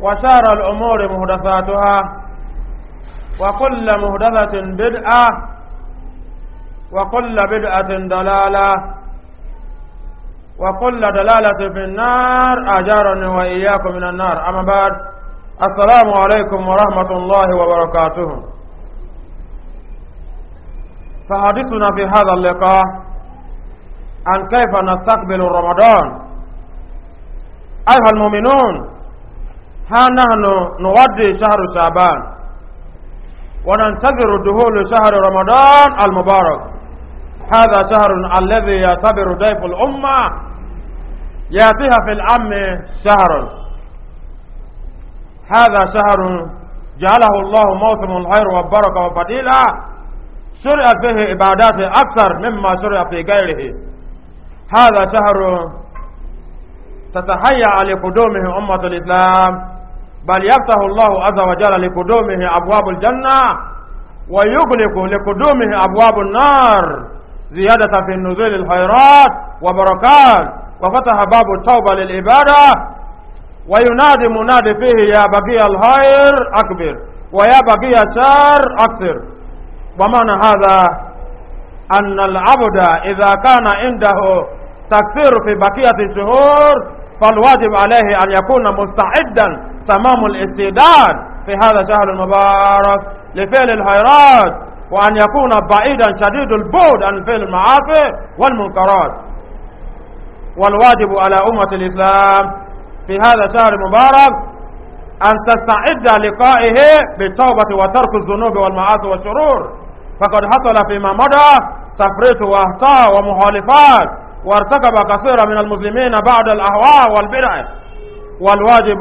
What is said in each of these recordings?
وشار الأمور مهدثاتها وكل مهدثة بدعة وكل بدعة دلالة وكل دلالة في النار أجارني وإياكم من النار أما بعد السلام عليكم ورحمة الله وبركاته فحديثنا في هذا اللقاء عن كيف نستقبل رمضان أيها المؤمنون ها نحن نودي شهر شعبان وننتظر دخول شهر رمضان المبارك هذا شهر الذي يعتبر ضيف الأمة يأتيها في العام شهر هذا شهر جعله الله موسم الخير والبركة والفضيلة شرع فيه عبادات أكثر مما شرع في غيره هذا شهر تتهيأ لقدومه أمة الإسلام بل يفتح الله عز وجل لقدومه أبواب الجنة ويغلق لقدومه أبواب النار زيادة في النزول الخيرات وبركات وفتح باب التوبة للعبادة وينادي منادي فيه يا بقي الخير أكبر ويا بقي الشر أكثر ومعنى هذا أن العبد إذا كان عنده تكثير في بقية الشهور فالواجب عليه أن يكون مستعدا تمام الاستعداد في هذا الشهر المبارك لفعل الخيرات وأن يكون بعيدا شديد البعد عن فعل المعاصي والمنكرات والواجب على أمة الإسلام في هذا الشهر المبارك أن تستعد لقائه بالتوبة وترك الذنوب والمعاصي والشرور فقد حصل فيما مضى تفريط وأخطاء ومخالفات وارتكب كثيرا من المسلمين بعد الأهواء والبدع والواجب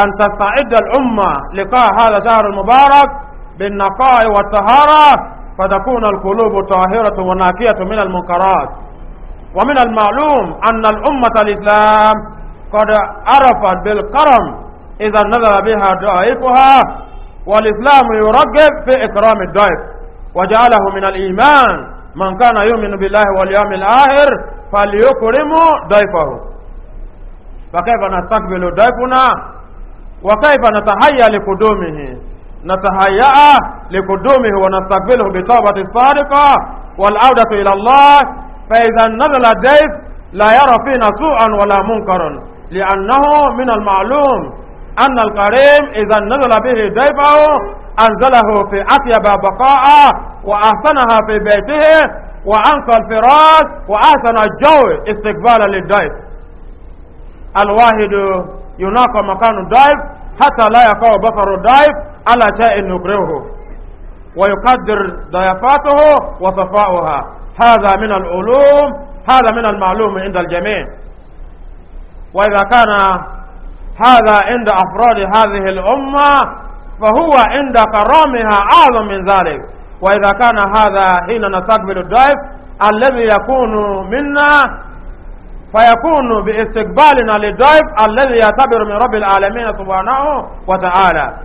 أن تستعد الأمة لقاء هذا الشهر المبارك بالنقاء والطهارة فتكون القلوب طاهرة وناكية من المنكرات ومن المعلوم أن الأمة الإسلام قد عرفت بالكرم إذا نزل بها ضعيفها والإسلام يرغب في إكرام الضيف وجعله من الإيمان من كان يؤمن بالله واليوم الآخر فليكرم ضيفه فكيف نستقبل ضيفنا وكيف نتهيأ لقدومه نتهيأ لقدومه ونستقبله بتوبة صادقة والعودة إلى الله فإذا نزل الضيف لا يرى فينا سوءا ولا منكرا لأنه من المعلوم أن الكريم إذا نزل به ديفه أنزله في أطيب بقاء وأحسنها في بيته وأنقى الفراش وأحسن الجو استقبالا للضيف الواحد يناقى مكان الضعيف حتى لا يقع بصر الضعيف على شيء نكرهه ويقدر ضيافاته وصفاؤها هذا من العلوم هذا من المعلوم عند الجميع وإذا كان هذا عند أفراد هذه الأمة فهو عند كرامها أعظم من ذلك وإذا كان هذا حين نستقبل الضيف الذي يكون منا فيكون باستقبالنا للضيف الذي يعتبر من رب العالمين سبحانه وتعالى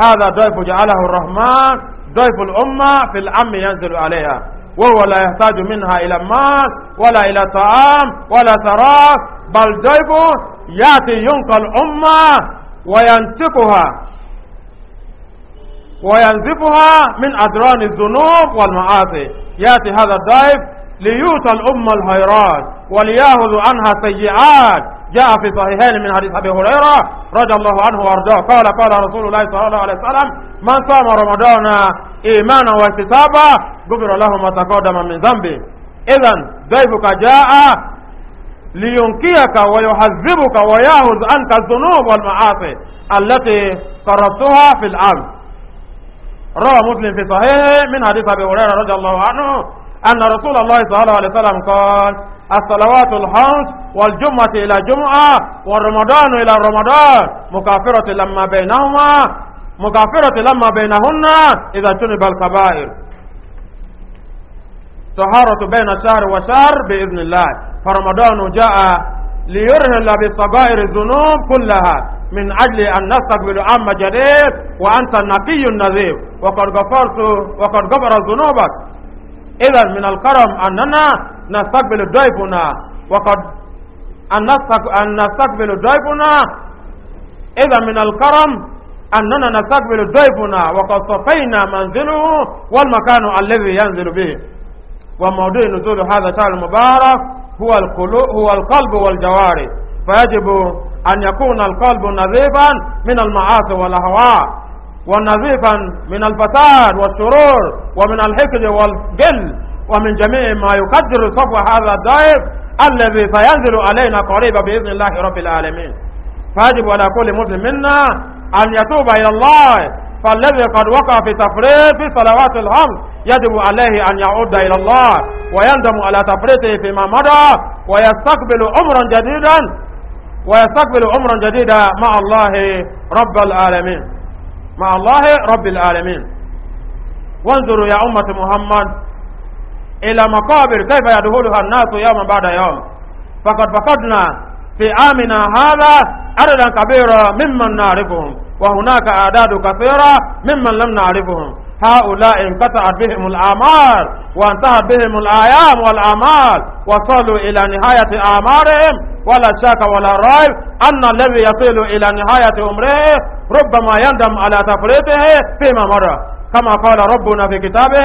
هذا ضيف جعله الرحمن ضيف الأمة في الأم ينزل عليها وهو لا يحتاج منها إلى مال ولا إلى طعام ولا سراف بل ضيف يأتي ينقى الأمة وينتقها وينزفها من أدران الذنوب والمعاصي يأتي هذا الضيف ليؤتى الأمة الخيرات وليأخذ عنها سيئات جاء في صحيحين من حديث أبي هريرة رضي الله عنه وأرضاه قال قال رسول الله صلى الله عليه وسلم من صام رمضان إيمانا واحتسابا غفر له ما تقدم من ذنبه إذا ضيفك جاء لينكيك ويحذبك ويأخذ عنك الذنوب والمعاصي التي قربتها في الأرض روى مسلم في صحيح من حديث أبي هريرة رضي الله عنه أن رسول الله صلى الله عليه وسلم قال الصلوات الخمس والجمعة إلى جمعة والرمضان إلى رمضان مكافرة لما بينهما مكافرة لما بينهن إذا جنب الكبائر طهارة بين شهر وشهر بإذن الله فرمضان جاء ليرهل بصغائر الذنوب كلها من أجل أن نستقبل عام جديد وأنت النقي النذير وقد غفرت وقد غفر ذنوبك إذا من الكرم أننا نستقبل ضيفنا وقد أن نستقبل ضيفنا إذا من الكرم أننا نستقبل ضيفنا وقد صفينا منزله والمكان الذي ينزل به وموضوع نزول هذا الشهر المبارك هو هو القلب والجوارح فيجب أن يكون القلب نظيفا من المعاصي والأهواء ونظيفا من الفساد والشرور ومن الحقد والجل ومن جميع ما يقدر صفو هذا الدائر الذي سينزل علينا قريبا بإذن الله رب العالمين فيجب على كل مسلم منا أن يتوب إلى الله فالذي قد وقع في تفريط في صلوات الخمس يجب عليه أن يعود إلى الله ويندم على تفريطه فيما مضى ويستقبل أمرا جديدا ويستقبل أمرا جديدا مع الله رب العالمين مع الله رب العالمين وانظروا يا أمة محمد إلى مقابر كيف يدخلها الناس يوم بعد يوم فقد فقدنا في عامنا هذا عددا كبيرا ممن نعرفهم وهناك أعداد كثيرة ممن لم نعرفهم هؤلاء انقطعت بهم الأعمال وانتهت بهم الأيام والأعمال وصلوا إلى نهاية أعمارهم ولا شك ولا ريب أن الذي يصل إلى نهاية عمره ربما يندم على تفريطه فيما مر كما قال ربنا في كتابه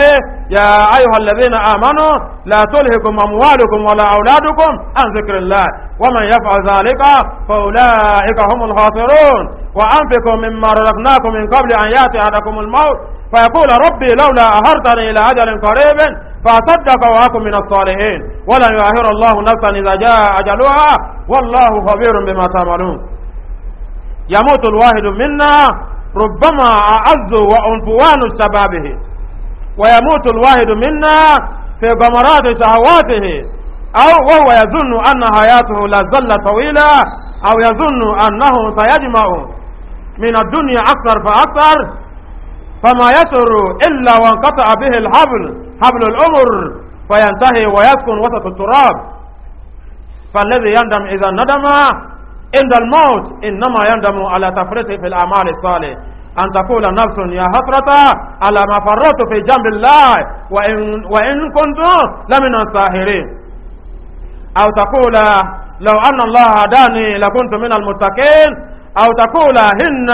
يا أيها الذين آمنوا لا تلهكم أموالكم ولا أولادكم عن ذكر الله ومن يفعل ذلك فأولئك هم الخاسرون وأنفقوا مما رزقناكم من قبل أن يأتي أحدكم الموت فيقول ربي لولا أهرتني إلى أجل قريب فأصدق وأكن من الصالحين ولن يؤهر الله نفسا إذا جاء أجلها والله خبير بما تعملون يموت الواحد منا ربما أعز وأنفوان شبابه ويموت الواحد منا في غمرات شهواته أو وهو يظن أن حياته لا زل طويلة أو يظن أنه سيجمع من الدنيا أكثر فأكثر فما يسر إلا وانقطع به الحبل حبل الأمر فينتهي ويسكن وسط التراب فالذي يندم إذا ندم عند الموت إنما يندم على تفريط في الأعمال الصالح أن تقول نفس يا حسرة على ما فرطت في جنب الله وإن, وإن كنت لمن الساهرين أو تقول لو أن الله هداني لكنت من المتقين أو تقول هن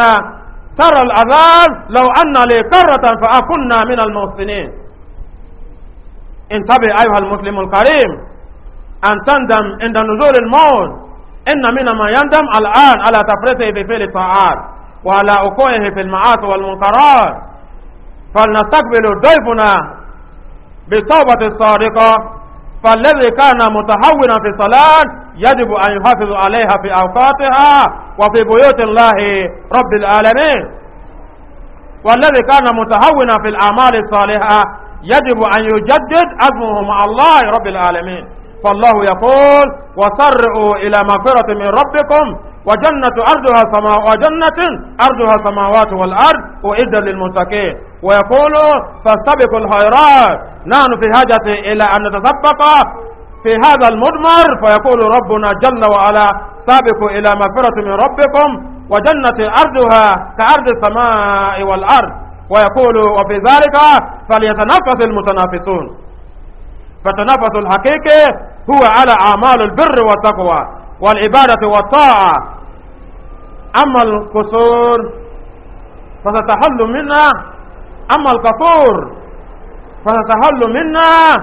ترى الأذان لو أن لي كرة فأكنا من المحسنين انتبه أيها المسلم الكريم أن تندم عند نزول الموت إن من ما يندم الآن على تفريطه في فعل الطاعات وعلى وقوعه في المعاصي والمنكرات فلنستقبل ضيفنا بالتوبة الصادقة فالذي كان متهونا في الصلاة يجب أن يحافظ عليها في أوقاتها وفي بيوت الله رب العالمين والذي كان متهونا في الأعمال الصالحة يجب أن يجدد عزمه مع الله رب العالمين فالله يقول وسرعوا إلى مغفرة من ربكم وجنة أرضها سما وجنة أرضها سماوات والأرض وإذا للمتقين ويقول فاستبقوا الخيرات نحن في حاجة إلى أن نتسبق في هذا المدمر فيقول ربنا جل وعلا سابقوا إلى مغفرة من ربكم وجنة أرضها كأرض السماء والأرض ويقول وفي ذلك فليتنفس المتنافسون فتنفس الحقيقي هو على أعمال البر والتقوى والعبادة والطاعة أما القصور فستحل منا أما القصور فستحل منا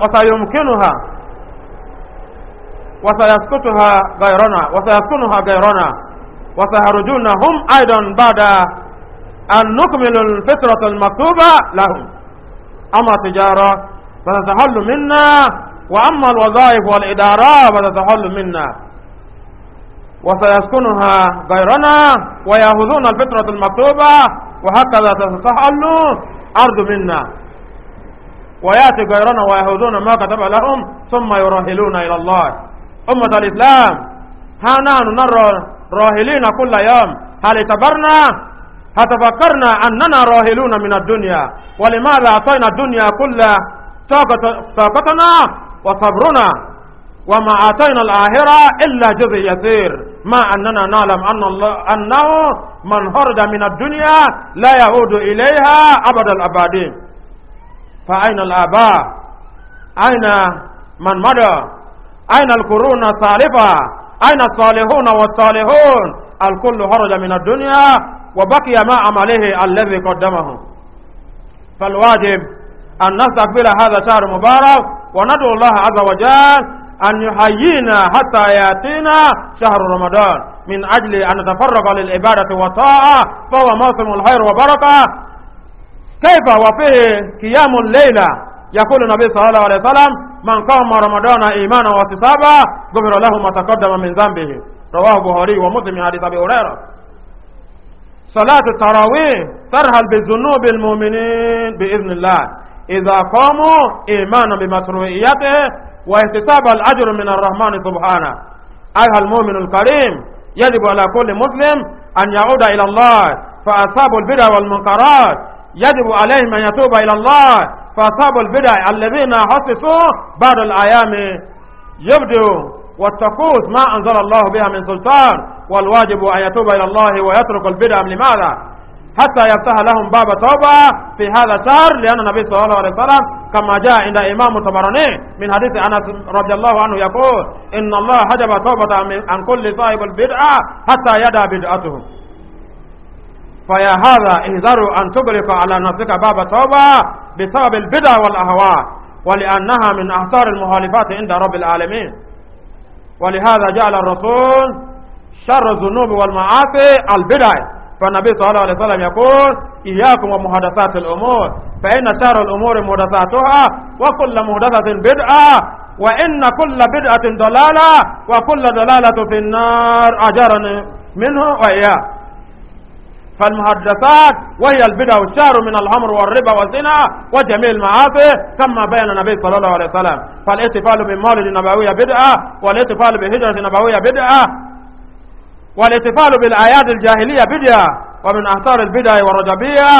وسيمكنها وسيسكتها غيرنا وسيسكنها غيرنا وسيهرجون هم أيضا بعد أن نكمل الفترة المكتوبة لهم أما تجارة فتتحل منا وأما الوظائف والإدارة فتتحل منا وسيسكنها غيرنا ويأخذون الفطرة المكتوبة وهكذا تتحل أرض منا ويأتي غيرنا ويهودون ما كتب لهم ثم يراهلون إلى الله أمة الإسلام ها نحن نرى راهلين كل يوم هل اعتبرنا هل تفكرنا أننا راهلون من الدنيا ولماذا أعطينا الدنيا كل طاقتنا وصبرنا وما آتينا الآخرة إلا جزء يسير ما أننا نعلم أن الله أنه من هرد من الدنيا لا يعود إليها أبد الأبدين فأين الآباء أين من مضى أين القرون الصالفة أين الصالحون والصالحون الكل هرج من الدنيا وبقي ما عمله الذي قدمه فالواجب أن نستقبل هذا الشهر المبارك وندعو الله عز وجل أن يحيينا حتى يأتينا شهر رمضان من أجل أن نتفرغ للعبادة والطاعة فهو موسم الخير وبركة كيف وفيه قيام الليلة يقول النبي صلى الله عليه وسلم من قام رمضان إيمانا واحتسابا غفر له ما تقدم من ذنبه رواه البخاري ومسلم حديث أبي هريرة صلاة التراويح ترهل بذنوب المؤمنين بإذن الله إذا قاموا إيمانا بمشروعيته واحتساب الأجر من الرحمن سبحانه أيها المؤمن الكريم يجب على كل مسلم أن يعود إلى الله فأصابوا البدع والمنكرات يجب عليهم أن يتوب إلى الله فأصابوا البدع الذين حسسوا بعد الأيام يبدو والتقوت ما أنزل الله بها من سلطان والواجب أن يتوب إلى الله ويترك البدع لماذا؟ حتى يفتح لهم باب توبة في هذا الشهر لأن النبي صلى الله عليه وسلم كما جاء عند إمام الطبراني من حديث أنس رضي الله عنه يقول إن الله حجب توبة عن كل صاحب البدعة حتى يدع بدعته فيا هذا انذروا أن تغلق على نفسك باب توبة بسبب البدع والأهواء ولأنها من أحصار المخالفات عند رب العالمين ولهذا جعل الرسول شر الذنوب والمعاصي البدع فالنبي صلى الله عليه وسلم يقول إياكم ومحدثات الأمور فإن شر الأمور محدثاتها وكل محدثة بدعة وإن كل بدعة ضلالة وكل ضلالة في النار أجرني منه وإياه فالمحدثات وهي البدع والشعر من الحمر والربا والزنا وجميع المعاصي كما بين النبي صلى الله عليه وسلم فالاحتفال بمولد النبوية بدعة والاحتفال بهجرة نبوية بدعة والاحتفال بالأعياد الجاهلية بدعة ومن أثار البدع والرجبية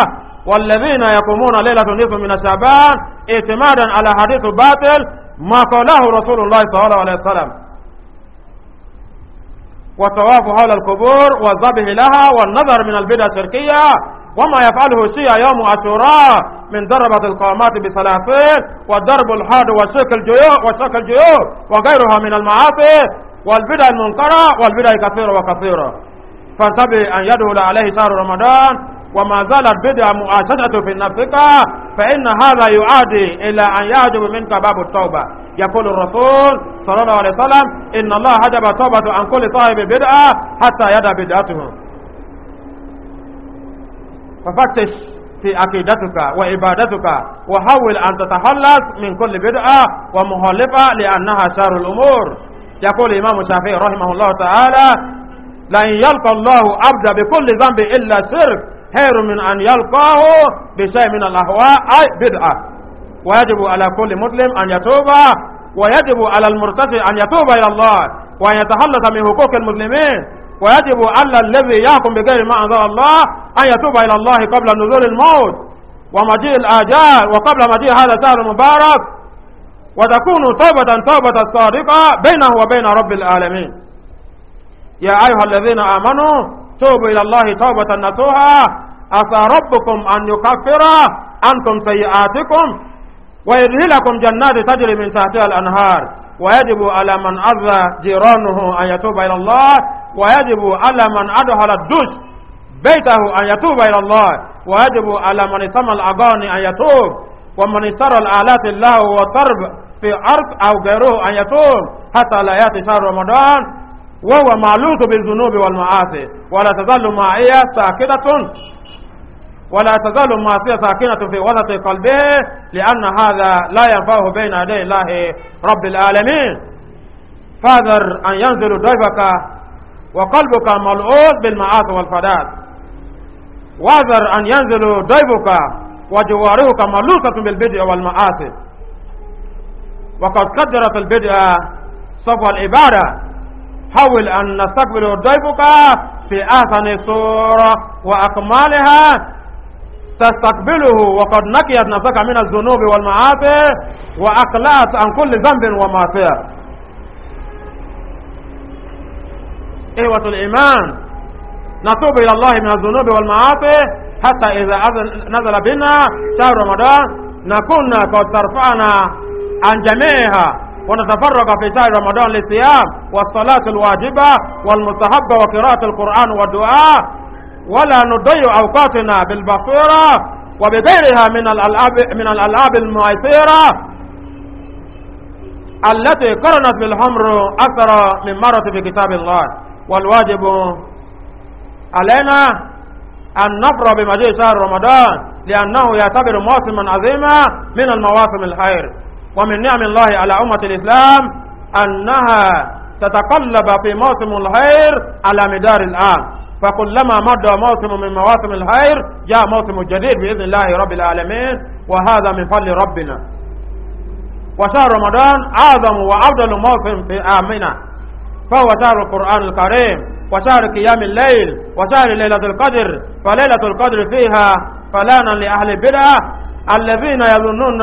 والذين يقومون ليلة النصف من شعبان اعتمادا على حديث باطل ما قاله رسول الله صلى الله عليه وسلم والطواف حول القبور والذبح لها والنظر من البدع الشركية وما يفعله الشيعة يوم عاشوراء من ضربة القامات بسلافين وضرب الحاد وشرك الجيوب وشرك الجيوب وغيرها من المعاصي والبدع المنكرة والبدع كثيرة وكثيرة فانتبه أن يدخل عليه شهر رمضان وما زالت بدعة مؤسسة في نفسك فإن هذا يعادي إلى أن يحجب منك باب التوبة يقول الرسول صلى الله عليه وسلم إن الله حجب التوبة عن كل صاحب بدعة حتى يدع بدعته ففتش في عقيدتك وعبادتك وحاول أن تتخلص من كل بدعة ومخالفة لأنها شر الأمور يقول الإمام الشافعي رحمه الله تعالى لن يلقى الله عبدا بكل ذنب إلا شرك خير من أن يلقاه بشيء من الأهواء أي بدعة ويجب على كل مسلم أن يتوب ويجب على المرتدي أن يتوب إلى الله وأن يتخلص من حقوق المسلمين ويجب على الذي يحكم بغير ما أنزل الله أن يتوب إلى الله قبل نزول الموت ومجيء الآجال وقبل مجيء هذا الشهر المبارك وتكون توبة توبة صادقة بينه وبين رب العالمين يا أيها الذين آمنوا توبوا إلى الله توبة نصوحا عسى ربكم أن يكفر أنتم سيئاتكم ويدهلكم جنات تجري من تحتها الأنهار ويجب على من أذى جيرانه أن يتوب إلى الله ويجب على من أدخل الدش بيته أن يتوب إلى الله ويجب على من سمى الأغاني أن يتوب ومن اشترى الآلات الله وطرب في عرف أو غيره أن يتوب حتى لا يأتي شهر رمضان وهو معلوط بالذنوب والمعاصي ولا تزال معي ساكتة ولا تزال معصية ساكنة في وسط قلبه لأن هذا لا ينفعه بين يدي الله رب العالمين فاذر أن ينزل ضيفك وقلبك ملؤوس بالمعاصي والفداد واذر أن ينزل ضيفك وجوارهك ملوثة بالبدع والمعاصي وقد قدرت البدعة صفو العبادة حاول أن نستقبل ضيفك في أحسن صورة وأكمالها تستقبله وقد نقيت نفسك من الذنوب والمعاصي وأقلعت عن كل ذنب ومعصية إخوة الإيمان نتوب إلى الله من الذنوب والمعاصي حتى إذا نزل بنا شهر رمضان نكون قد ترفعنا عن جميعها ونتفرق في شهر رمضان للصيام والصلاة الواجبة والمستحبة وقراءة القرآن والدعاء ولا نضيع أوقاتنا بالبصيرة وبغيرها من الألعاب من الألعاب المعيسرة التي قرنت بالحمر أكثر من مرة في كتاب الله والواجب علينا أن نفر بمجيء شهر رمضان لأنه يعتبر موسما عظيما من المواسم الخير ومن نعم الله على أمة الإسلام أنها تتقلب في موسم الخير على مدار العام فكلما مضى موسم من مواسم الخير جاء موسم جديد بإذن الله رب العالمين وهذا من فضل ربنا وشهر رمضان أعظم وأفضل موسم في آمنا فهو شهر القرآن الكريم وشهر قيام الليل وشهر ليلة القدر فليلة القدر فيها فلانا لأهل البدع الذين يظنون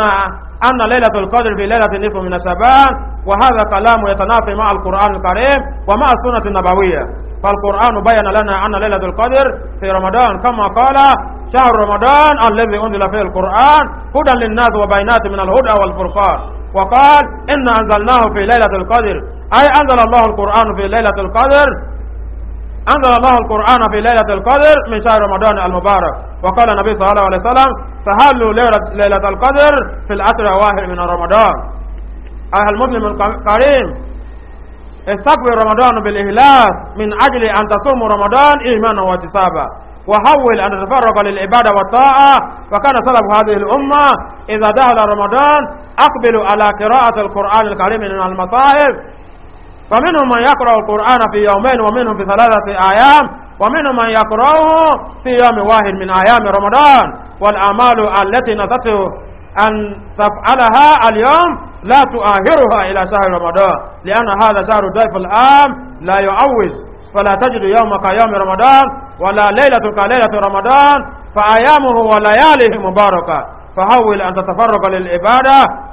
أن ليلة القدر في ليلة النصف من الشعبان وهذا كلام يتنافي مع القرآن الكريم ومع السنة النبوية فالقرآن بين لنا أن ليلة القدر في رمضان كما قال شهر رمضان الذي أنزل فيه القرآن هدى للناس وبينات من الهدى والفرقان وقال إن أنزلناه في ليلة القدر أي أنزل الله القرآن في ليلة القدر أنزل الله القرآن في ليلة القدر من شهر رمضان المبارك وقال النبي صلى الله عليه وسلم فهلوا ليلة القدر في العشر واحد من رمضان أيها المسلم الكريم استقبل رمضان بالإخلاص من أجل أن تصوم رمضان إيمانا واحتسابا وحول أن تتفرغ للعبادة والطاعة فكان سلف هذه الأمة إذا دخل رمضان أقبلوا على قراءة القرآن الكريم من المصائب فمنهم من يقرأ القرآن في يومين ومنهم في ثلاثة أيام ومنهم من يقرأه في يوم واحد من أيام رمضان والأعمال التي نذته أن تفعلها اليوم لا تؤهرها إلى شهر رمضان لأن هذا شهر ضيف العام لا يعوز فلا تجد يوم كيوم رمضان ولا ليلة كليلة رمضان فأيامه ولياله مباركة فحول أن تتفرق للعبادة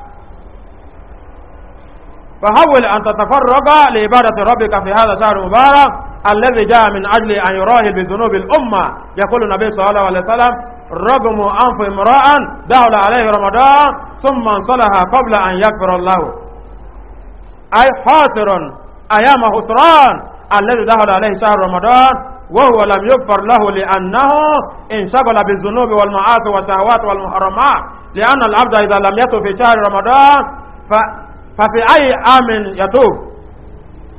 فحاول أن تتفرق لعبادة ربك في هذا الشهر المبارك الذي جاء من أجل أن يراهل بذنوب الأمة يقول النبي صلى الله عليه وسلم رغم أنف امرأ دخل عليه رمضان ثم انصلها قبل أن يغفر الله أي حاصر أيام خسران الذي دخل عليه شهر رمضان وهو لم يغفر له لأنه انشغل بالذنوب والمعاصي والشهوات والمحرمات لأن العبد إذا لم يتو في شهر رمضان ف ففي أي عام يتوب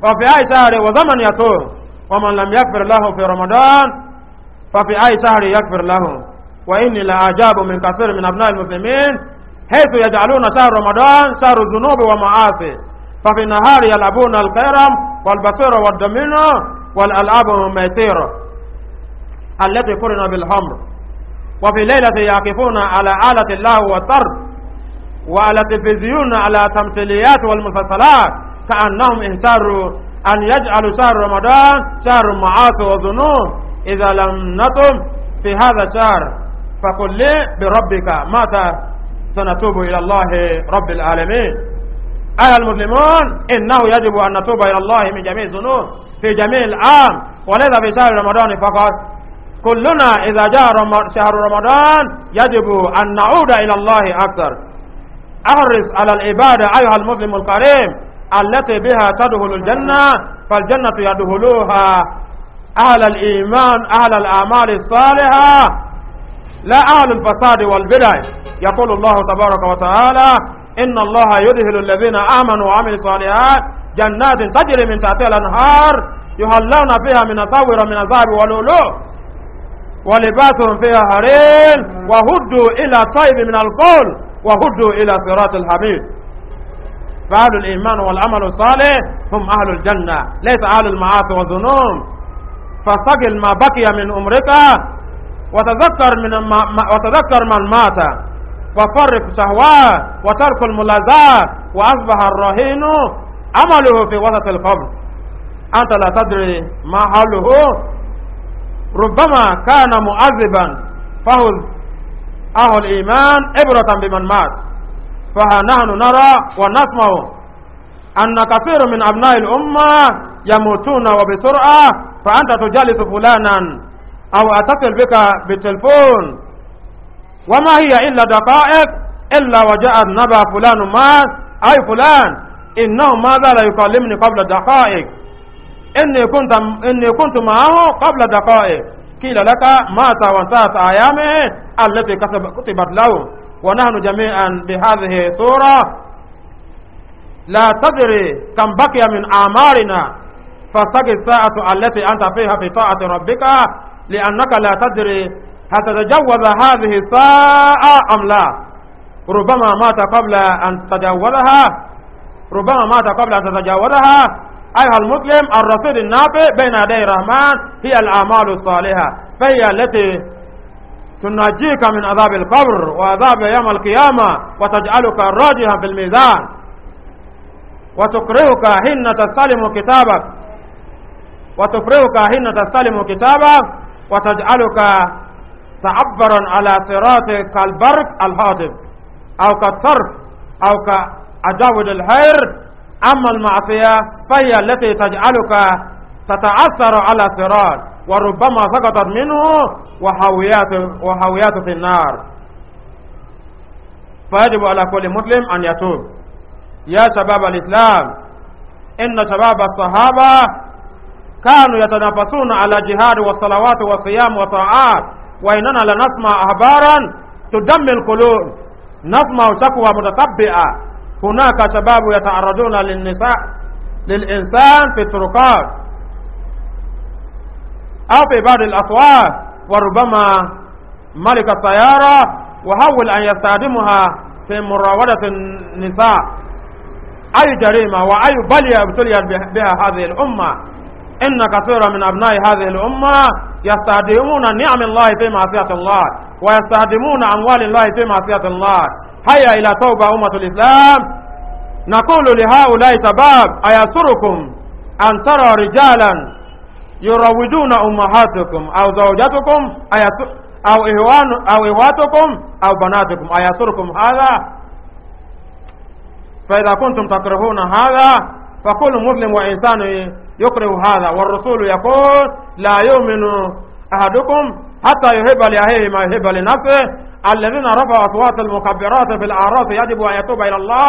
وفي أي شهر وزمن يتوب ومن لم يغفر له في رمضان ففي أي شهر يغفر له وإني لأعجاب من كثير من أبناء المسلمين حيث يجعلون شهر رمضان شهر الذنوب ومعاصي ففي النهار يلعبون الكرم والبصير والدمين والألعاب الميسيرة التي قرن بالحمر وفي ليلة يقفون على آلة الله والطرد وعلى التلفزيون على تمثيليات والمسلسلات كأنهم اهتروا أن يجعلوا شهر رمضان شهر معاصي وذنوب إذا لم نتم في هذا الشهر فقل لي بربك متى سنتوب إلى الله رب العالمين أيها المسلمون إنه يجب أن نتوب إلى الله من جميع الذنوب في جميع العام وليس في شهر رمضان فقط كلنا إذا جاء شهر رمضان يجب أن نعود إلى الله أكثر أحرص على العبادة أيها المسلم الكريم التي بها تدخل الجنة فالجنة يدخلوها أهل الإيمان أهل الأعمال الصالحة لا أهل الفساد والبدع يقول الله تبارك وتعالى إن الله يدخل الذين آمنوا وعملوا الصالحات جنات تجري من تحتها الأنهار يهلون فيها من اصور من الذهب واللؤلؤ ولباسهم فيها حرير وهدوا إلى طيب من القول وهدوا إلى صراط الحميد فأهل الإيمان والعمل الصالح هم أهل الجنة ليس أهل المعاصي والذنوب فاستقل ما بقي من أمرك وتذكر من ما وتذكر من مات وفرق شهواه وترك الملذات وأصبح الرهين عمله في وسط القبر أنت لا تدري ما حاله ربما كان مؤذبا فهو أهل الإيمان عبرة بمن مات فنحن نرى ونسمع أن كثير من أبناء الأمة يموتون وبسرعة فأنت تجالس فلانا أو أتصل بك بالتلفون وما هي إلا دقائق إلا وجاء نبى فلان مات أي فلان إنه ماذا لا يكلمني قبل دقائق إني كنت, إني كنت معه قبل دقائق قيل لك مات وانتهت أيامه التي كتبت له ونحن جميعا بهذه الصورة لا تدري كم بقي من أعمارنا فاستقي الساعة التي أنت فيها في طاعة ربك لأنك لا تدري هل تتجوز هذه الساعة أم لا ربما مات قبل أن تتجوزها ربما مات قبل أن تتجاوزها أيها المسلم الرصيد النافع بين يدي الرحمن هي الأعمال الصالحة فهي التي تنجيك من عذاب القبر وعذاب يوم القيامة وتجعلك راجها في الميزان وتكرهك حين تستلم كتابك وتقرئك حين تستلم كتابك وتجعلك تعبرا على صراطك البرق الهاطف أو كالصرف أو كأجاود الحير أما المعصية فهي التي تجعلك تتأثر على الصراط وربما سقطت منه وحويات وحويات في النار فيجب على كل مسلم أن يتوب يا شباب الإسلام إن شباب الصحابة كانوا يتنافسون على جهاد والصلوات والصيام والطاعات وإننا لنسمع أخبارا تدمر القلوب نسمع شكوى متتبعة هناك شباب يتعرضون للنساء للإنسان في الطرقات أو في بعض الأسواق وربما ملك السيارة وحول أن يستخدمها في مراودة النساء أي جريمة وأي بلية ابتليت بها هذه الأمة إن كثيرا من أبناء هذه الأمة يستخدمون نعم الله في معصية الله ويستخدمون أموال الله في معصية الله هيا إلى توبة أمة الإسلام نقول لهؤلاء تباب أيسركم أن ترى رجالا يروجون أمهاتكم أو زوجاتكم أو إخوان أو إخواتكم أو بناتكم أيسركم هذا فإذا كنتم تكرهون هذا فكل مسلم وإنسان يكره هذا والرسول يقول لا يؤمن أحدكم حتى يحب لأهيه ما يحب لنفسه الذين رفعوا أصوات المكبرات في الأعراس يجب أن يتوب إلى الله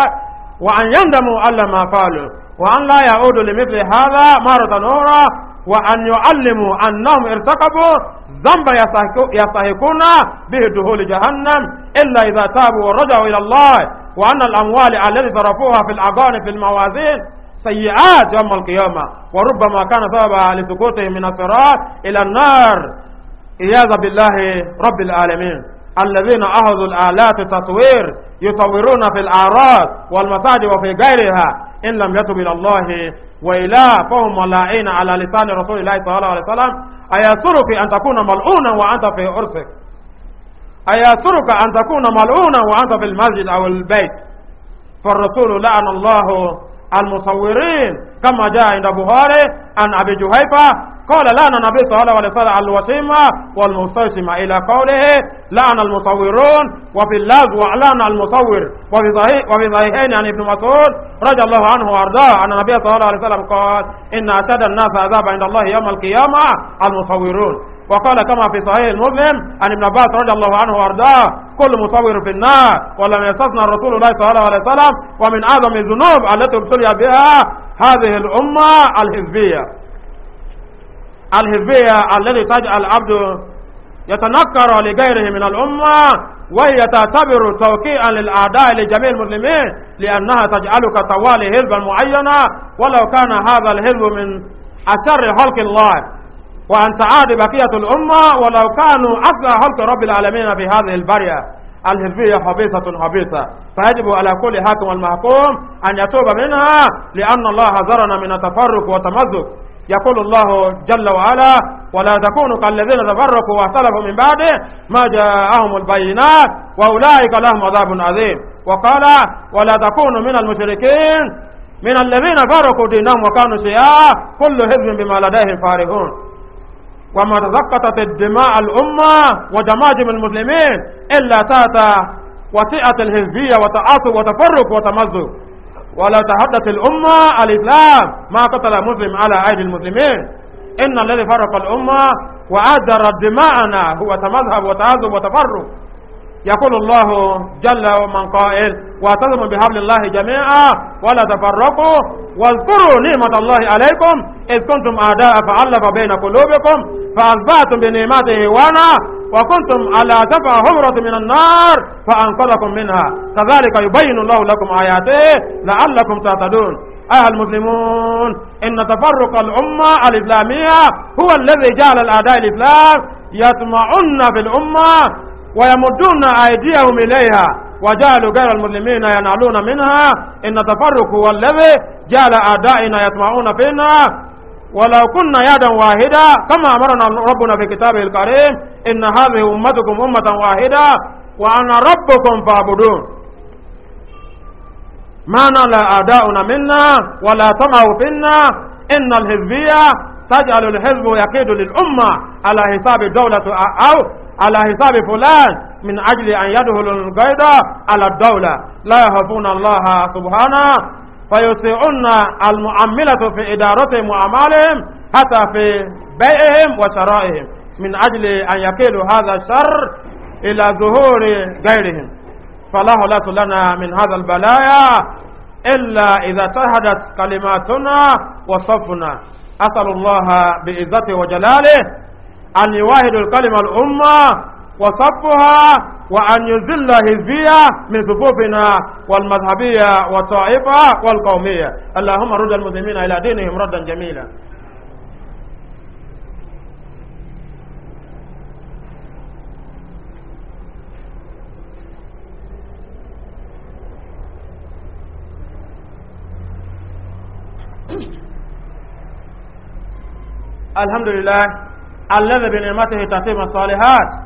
وأن يندموا على ما فعلوا وأن لا يعودوا لمثل هذا مرة أخرى وأن يعلموا أنهم ارتكبوا ذنبا يستحقون به دخول جهنم إلا إذا تابوا ورجعوا إلى الله وأن الأموال التي صرفوها في الأغاني في الموازين سيئات يوم القيامة وربما كان سببا لسقوطهم من الصراط إلى النار إياذ بالله رب العالمين الذين أخذوا الآلات تطوير يطورون في الأعراض والمساجد وفي غيرها إن لم يتب إلى الله وإلى فهم ملائين على لسان رسول الله صلى الله عليه وسلم أياسرك أن تكون ملعونا وأنت في عرسك أياسرك أن تكون ملعونا وأنت في المسجد أو البيت فالرسول لعن الله المصورين كما جاء عند بخاري عن أبي جهيفة قال لعن النبي صلى الله عليه وسلم الوسيمة والمستوسمة إلى قوله لعن المصورون وفي اللاز وعلان المصور وفي وفي ظهيين عن ابن مسعود رضي الله عنه وأرضاه أن النبي صلى الله عليه وسلم قال إن أشد الناس عذاب عند الله يوم القيامة المصورون وقال كما في صحيح المسلم عن ابن عباس رضي الله عنه وارضاه كل مصور في النار ولم يستثنى الرسول الله صلى الله عليه وسلم ومن اعظم الذنوب التي ابتلي بها هذه الامه الحزبيه الهبية الذي تجعل العبد يتنكر لغيره من الأمة وهي تعتبر توقيعا للأعداء لجميع المسلمين لأنها تجعلك توالي هلبا معينة ولو كان هذا الهلب من أشر خلق الله وأن تعاد بقية الأمة ولو كانوا أسرى خلق رب العالمين في هذه البرية الهلبية حبيسة حبيسة فيجب على كل حاكم المحكوم أن يتوب منها لأن الله حذرنا من التفرق والتمزق يقول الله جل وعلا ولا تكونوا كالذين تفرقوا واختلفوا من بعد ما جاءهم البينات وأولئك لهم عذاب عظيم وقال ولا تكونوا من المشركين من الذين فرقوا دينهم وكانوا شيعا كل حزب بما لديهم فارغون وما تسقطت الدماء الأمة وجماجم المسلمين إلا تاتى وطئه الحزبية وتعاطف وتفرق وتمزق ولا تحدث الأمة الإسلام ما قتل مسلم على أيدي المسلمين إن الذي فرق الأمة وأدر دماءنا هو تمذهب وتعذب وتفرق يقول الله جل ومن قائل واعتصموا بحبل الله جميعا ولا تفرقوا واذكروا نعمة الله عليكم إذ كنتم أعداء فألف بين قلوبكم فأصبحتم بنعمته وانا وكنتم على شفا حمرة من النار فأنقذكم منها كذلك يبين الله لكم آياته لعلكم تهتدون أيها المسلمون إن تفرق الأمة الإسلامية هو الذي جعل الأعداء الإسلام يطمعون في الأمة ويمدون أيديهم إليها وجعلوا غير المسلمين ينالون منها إن تفرق هو الذي جعل أعدائنا يطمعون فينا ولو كنا يدا واحدة كما أمرنا ربنا في كتابه الكريم إن هذه أمتكم أمة واحدة وأنا ربكم فاعبدون ما نال أعداؤنا منا ولا طمعوا فينا إن الحزبية تجعل الحزب يقيد للأمة على حساب الدولة أو على حساب فلان من أجل أن يدخل القيد على الدولة لا يخافون الله سبحانه فيطيعون المعاملة في إدارة معاملهم حتى في بيعهم وشرائهم من أجل أن يكيلوا هذا الشر إلى ظهور غيرهم فلا هلة لنا من هذا البلايا إلا إذا تهدت كلماتنا وصفنا أسأل الله بإذته وجلاله أن يواهد الكلمة الأمة وصفها وأن يذل حزبية من صفوفنا والمذهبية والطائفة والقومية اللهم رد المسلمين إلى دينهم ردا جميلا الحمد لله الذي بنعمته تتم الصالحات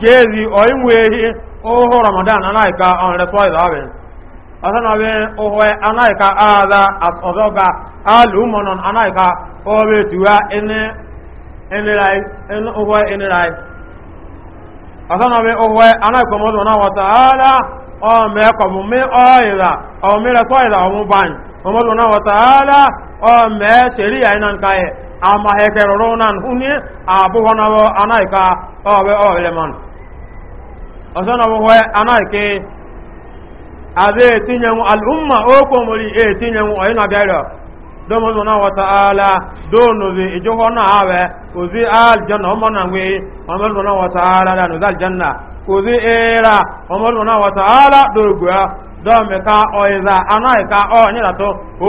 djezi oinwe ehi ụhụ ramadan anaghịka ọnresọiz abịa asanabe ụhụ e, anaghịka aza ọzọ ga alụ ụmụnọ anaghịka ọbụ etuwa ụhụ enerai e, asanabe ụhụ e, anaghịka ọmọdụ na wata ala ọmọ ẹkọ̀bù mi ọ̀ìlà ọmọ ẹrẹsọ̀ìlà ọmọ báyìí na wata wọ̀ta ààlà ọmọ ẹ̀ ṣèrí àìnà nǹkan ẹ̀ ama heke ronan hunye abu wo anaika owe oweleman osana wo we anaike abe tinyanwu al'umma oko mori e tinyanwu oyina gairo domo zona wa ta'ala bi awe ozi na we omo zona wa ta'ala da no aljanna ozi era omo zona wa ta'ala dogwa oiza anaika o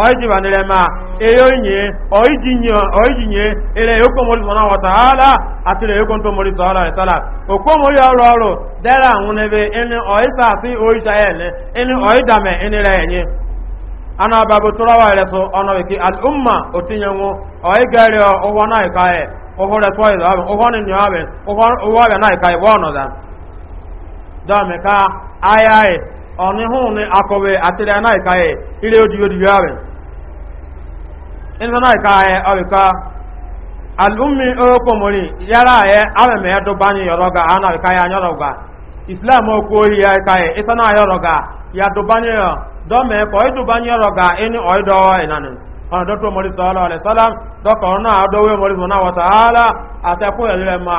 ọ̀ẹ́jì wà nílẹ̀ máa eré òyìn ọ̀ẹ́jìyàn ilẹ̀ yóò kó mọ́lì sọ́nà wọ̀ta ààlá àti ilẹ̀ yóò kó tó mọ́lì sọ́nà ìsọ́là òkú mọ́lì ọrọ̀ ọrọ̀ dẹ́rẹ̀ àwọn ẹbẹ̀ ẹni ọ̀ẹ́sà sí oríṣà ẹ̀ni ẹni ọ̀ẹ́dàmẹ̀ ẹni ana babu turawa ọ̀nì hùn ní akọ̀wé àtẹ̀lẹ̀ anáìka ẹ̀ ilé òdìbò òdìbò ààrẹ ẹni anáìka ẹ̀ ọ̀rìka alùmí ọkọ̀ mọ̀rì yára ẹ̀ yọ̀rọ̀gà anáìka anyọ̀rọ̀gà islam ya ẹ̀ka ẹ̀ ìsaná ayọ̀rọ̀gà yàdùbá ní yọ̀ dọ́mẹ̀ kọ̀ ìdùbá ní yọ̀rọ̀gà ẹni ọ̀ìdọ̀wọ̀ ìnànì ọ̀nà dọ́tọ̀ mọ̀rí sọ́ọ́lọ́ ọ̀lẹ̀ sọ́lá dọ́kọ̀ ọ̀nà àdọ́wé mọ̀rí sọ́nà wọ̀tàhálà àtẹ̀kù ẹ̀lẹ́mà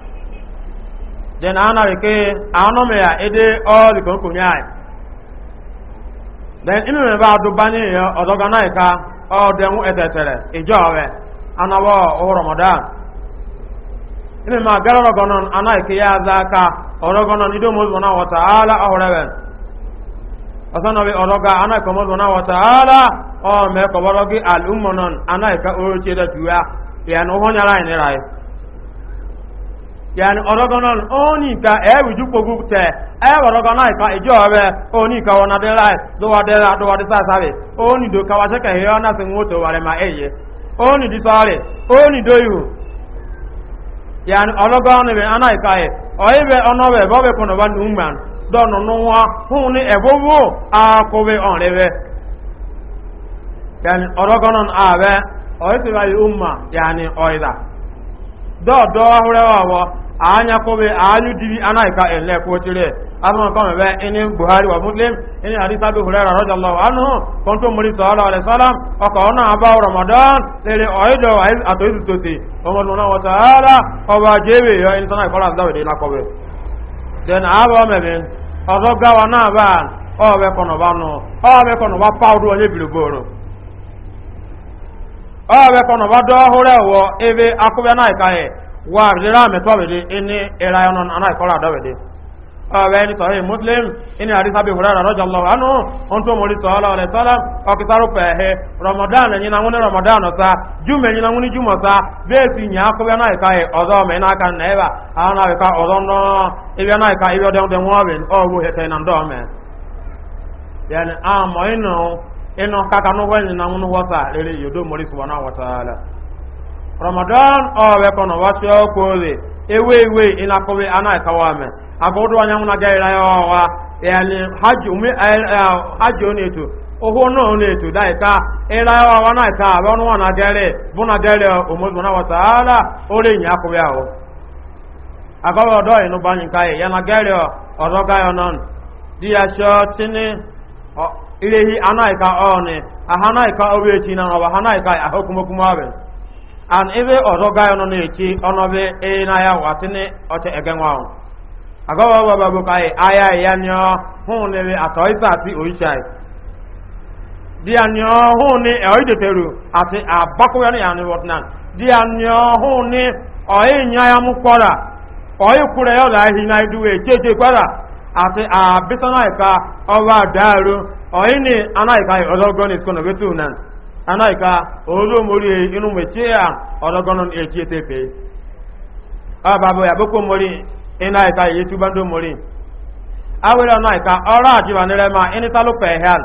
then anọghị ke anọm ya ede ọrị ka okonye anyị ime mebe adụbanye ya ọdọgana ịka ọdịnwụ etetere ije ọwe anọwọ ọhụ ramadan ime ma gara ọgọnọn ana ke ya aza aka ọrọgọnọn ido mozu na wata ala ọhụrụ ewen ọsọnọbi ọrọga anaghị ka mozu na wata ala ọ mee kọbọrọ gị alụmọnọn ka ya yani orogonon oni ka pogu te e ka ijo be oni ka wona de lai do wa de do wa de ka wa se ka se moto ma eye oni di oni do yu yani be ana ka e ono be bo be kono ba do no no wa ni ebowo a ko be on rebe yani orogonon abe oise ba yi yani do do wa anya kobe anyu dibi ana ka ele ko tire abon ko be ini buhari wa muslim ini hadith abu hurairah radhiyallahu anhu konto muri sallallahu alaihi wasallam o ko ona aba ramadan oido ato wa taala o wa jebe yo in dawe de na kobe aba me o ga wa na ba o be ko no ba no onye ebe wa rira me to bede ini era yonon ana ko ra dawede awe ni sahih muslim ini hadith abi hurairah radhiyallahu anhu onto mori sallallahu alaihi wasallam o ramadan ni na ngone ramadan sa jume ni na ngone juma sa besi nya ko be na ka e odo me na ka na eba ana be ka odo no ibe na ka ibe o wo he na me a mo kaka no ni na wa sa ramadan ọbẹ kọnọ wasi ọkọọle ewe ewe ịnakọwe ana kawa a agbọdọ anyanwụ na gaghị ya ọwa yani hajj umi hajj ọ na-eto ohu ịra ya ọwa na gaghị bụ na gaghị ọmọdụ na wata ala enyi akọwe ahụ nka ya na gaghị ọzọ gaghị ọnọ irehi an ebe ọzọ gaya ọnụ na-echi ọnọbe na ya watini ọchị egenwa ahụ agawa baba bụ ka aya ya nyọ hụ n'ebe atọ isa ati oisha di ya nyọ hụ ni ọideteru ati abakwụya ya ni wọtnan di ya nyọ hụ ni ọyị nya ya mụ kwara ọyị kwụrụ ya ọla ahị na iduwe cheche kwara ati abisana ka ọba daaru ọyị ni anaghị ka ọzọ gọnis kọnọ betu nan anaika olomori e, inu mece ya ọlọgọnun eti etefe ọbabo ya boko mori inaika iye tuba ndo mori awere anaika ọrọ ajiba nire ma pehel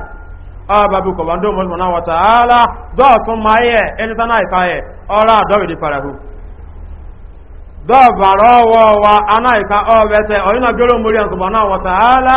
ọbabo kọba ndo mori mọna wata ala dọọtun ma iye inita naika ye ọrọ adọwidi farahu dọọbara ọwọ wa anaika ọbẹsẹ ọyina gero mori ankọba na wata ala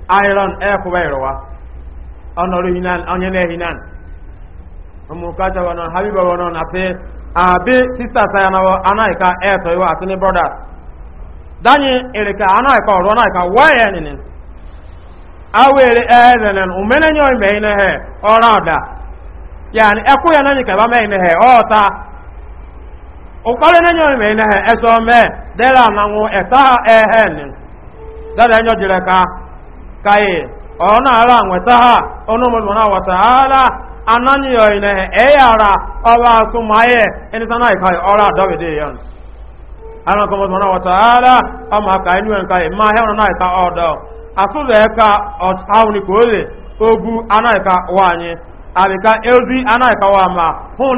iron ẹ̀kúwẹ̀ ìrọ̀wá hinan onye na hinan ọmọkàtà wọn habiba wọn na fi àbí sista sáyà na wọ anáìka ẹ̀ẹ̀tọ̀ ìwọ àti ní brothers dányi ìrìkà anáìka ọ̀rọ̀ anáìka wọ́ọ̀yẹ̀ nìní awere ẹ̀ẹ́dẹ̀nẹ̀ òmẹ́nẹ́yìn ọ̀mẹ́ ọrụ ẹ̀ ọ̀rọ̀ ọ̀dà yàní ẹkú yẹn náà ọta dada enyo ka ọ e na ara nweta ha ọlọ́mọlùmọ̀nà wàtàhálà anáníyọ̀ ilẹ̀ ẹ̀yàrá ọba súnmáyẹ̀ ẹni sáná ìkàyẹ ọ̀rọ̀ àdọ́bẹ̀dẹ̀ yọ̀n wàtàhálà ọmọ àkà inú ẹ̀ka ìmá ẹ̀rọ ìka ọ̀dọ̀ àtúlẹ̀ ẹ̀ka ọ̀táwùnìkòólè ogun anáìka wáyé àbíká anáìka fún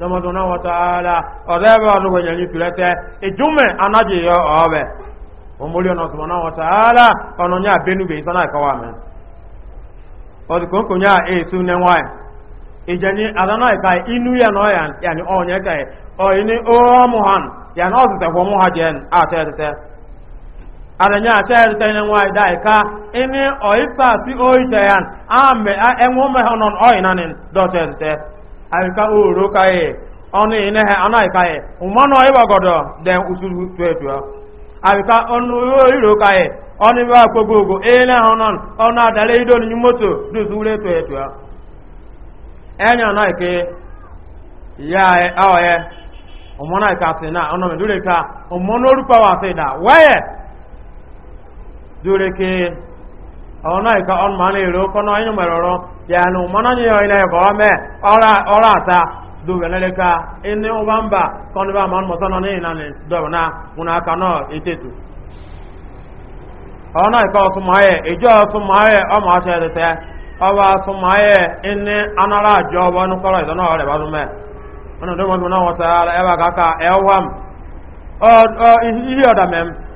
lọ́mọdún náà wọ́ta ààlà ọ̀dọ́ ọdún wọ̀nyẹ ní tùrẹ́tẹ́ ìjúmẹ̀ anájẹyọ ọ̀ọ́bẹ̀ omori ọ̀nà ọ̀sùnmọ̀ náà wọ́ta ààlà ọ̀nà ní àbẹ́nubẹ̀ ìsọ́nà ìkọwà mẹ́ ọdúnkòókò ní àìsù nẹ́wọ̀n ìjẹni àdánà ìka inú ya ọ̀yàn ọ̀nyẹ́kà ka àyíká òòró káyè ọ̀nà ìnẹ́hẹ̀ anáìkáyè ọmọnà ìwàgọ̀dọ̀ dẹ̀ òṣùlù tuẹ̀tuẹ̀ àyíká ọ̀nà ìró káyè ọ̀nà ìwà gbogbogbò ẹ̀ẹ́nẹ́ ọ̀nà ona àdàlẹ́ ido ni mọ́tò dùsúlẹ̀ tuẹ̀tuẹ̀ ẹ̀yìn anáìké yá ọ̀yẹ ọmọnà ìkàsìn náà ọ̀nà mẹ́dúrẹ́ká ọmọnà orúkọ wà na ìdá wẹ́yẹ̀ ke. ọ̀nà ìka ọ̀n mọ́ ní ìlú kọ́nà inú mẹ́rọ̀rọ̀ yẹnu mọ́nà ní ilẹ̀ ẹ̀kọ́ ọmẹ ka àta dùbẹ̀lẹ́lẹ́ka inú ọba ń bà kọ́nà bá mọ́ mọ́sánà ní ìlànà dọ̀bọ̀nà wọn aka ọ ètètù ọ̀nà ìka ọ̀túnmáyẹ ìjọ ọ̀túnmáyẹ ọmọ ọ̀ṣẹ́ ẹ̀dẹ̀tẹ̀ ọ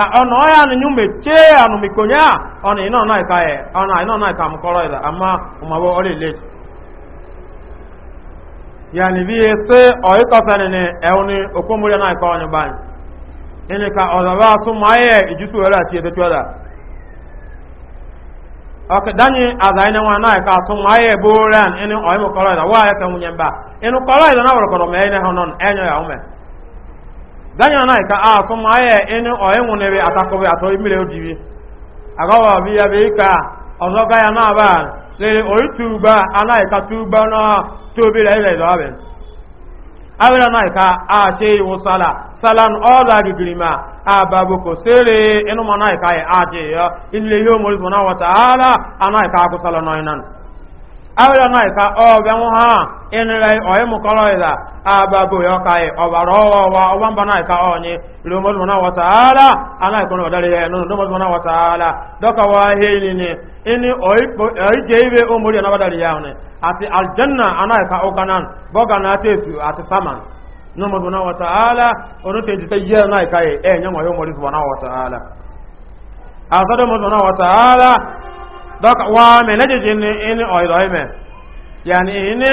ka ọnụ ọya na nyume chee ya nụ mikonye a ọnụ na ka ya ọnụ ịnọ na ịka mkọrọ ịda ama ụmụabọ ọrịa ileti ya ni bi ese ọyịkọta ni ni ẹwụ ni okomori na ịka ọnyụ banyị ịnị ka ọzọba atụ ati ka kọrọ ịda ya ka mba ịnụ kọrọ ịda náà e e ya ume daniel na ka a ah, ma ye ene o enwu ne be atako be ato imire bi ya ka ozo ga ya na ba le o tuba ana ka na to bi le le do abe abira na ka ah, a se sala salan a babu ko enu ma na ka ye a je yo ile yo mo na wa taala ana ka ko sala Awara na ka ọbịa nwụ ha ịnịrị ọyị mụkọrọ ịza ababụ ya ọka ị ọbara ọwa ọwa mba ka ọnyị lomọdụmọ na wataala anaghịkọ na ọdara ya nụnụ lomọdụmọ na i dọkawa ahịa ilini ịnị ọyịje ibe omori ya nabadara ya ọnị ati ka nan na ati na na ka ị e ya dɔk waa mɛ ne jɛjɛ ni i ni ɔyidɔ yi yanni i ni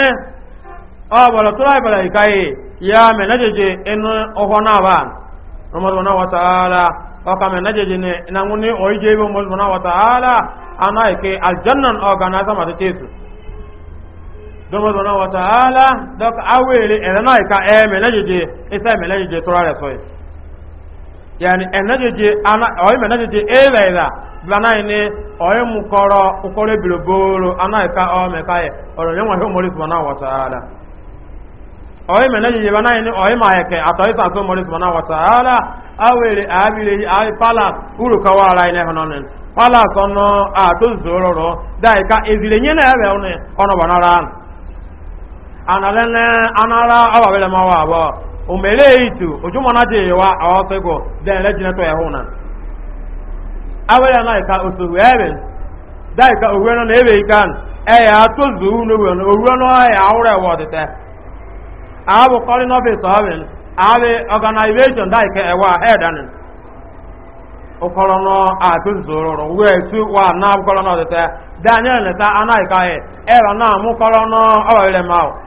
ɔ bɔlɔ tura yi bala i ya mɛ ne jɛjɛ i ni ɔhɔ naa ba mɔmɔdu na wata ala ɔ ka mɛ ne jɛjɛ ni na ŋun ni ɔyi jɛ i bɛ mɔmɔdu na wata ala ana yi ke alijanna ɔ gana sama ti teesu mɔmɔdu na wata ala dɔk awere ɛrɛ na yi ka ne jɛjɛ i sɛ mɛ ne jɛjɛ tura yɛ sɔ ye. yani enajeje ana oyi menajeje ebeida bana ni oyi mukoro ukore biloboro ana ka o me ka ye oro nyanwa he omori subhana oyi bana ni oyi ma atoyi so pala uru ka wala hono pala a to dai ka nyene ono mawa abo O omele itu ojumana je wa awasego den lejina to ehuna awela na ka osu ebe dai ka owena na ebe ikan e ya to zu no we no ya awre wo dete abu calling office haben ave organization dai ka e no a to zoro ro we tu wa na okoro no dete daniel ta anai ka e na mu no awele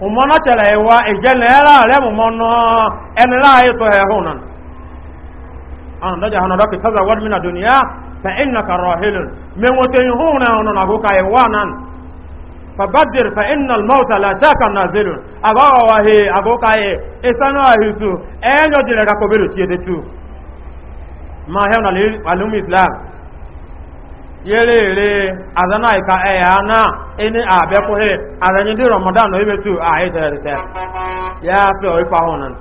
umana chala ewa ejele era ale mumono enla ayto hehuna an ah, daja hana doki taza wad mina dunya fa innaka rahilun men wote huna ona na go kai wanan fabaddir fa innal mauta la shaka nazilun abawa wahi ago kai esano ahitu enyo jile ka kobiru tiede tu ma hewna lil alum islam yelere azana ika eyana ini abekuhe azanyi di ramadan no ibetu ayi terete ya fi o ipa honan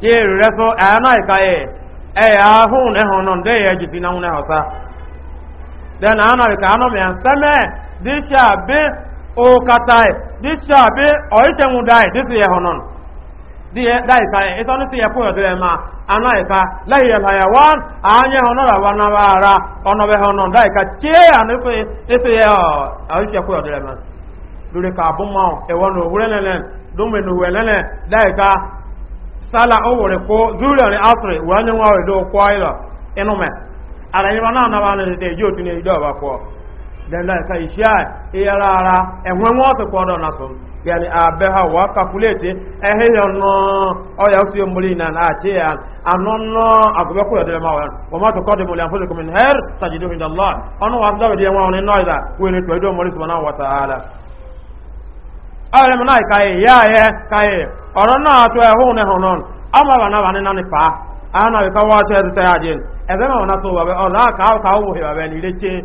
yeru reso eyana ika e eya hun ne honon de ye jiti na hun ne hosa den ana ika ano mi anseme di sha be o katai di sha be o ite ngudai di ye honon diye dai kai ito ni ma ana ka lai ya la ya wan anya hono ra wana wara ono be hono dai ka che ya ni ko ito ya a siya ko de ma dure ka bu ma e wono wurelele do me no welele dai ka sala o wore ko zuri ni wa we do e e me ara ni na wa ni jo do ba ko dai ka yani abe ha wa calculate ehe no o ya usi muri na na ate ya anono agobe ko yodele ma wa ma to kodi muli her tajidu inda allah ono wa da de wa ne noida we to do subhanahu wa ta'ala kai ya ye kai na to e hu ne ama na pa ana we ka wa te ta ajin ma na so wa be o la ka ka wo he wa be ni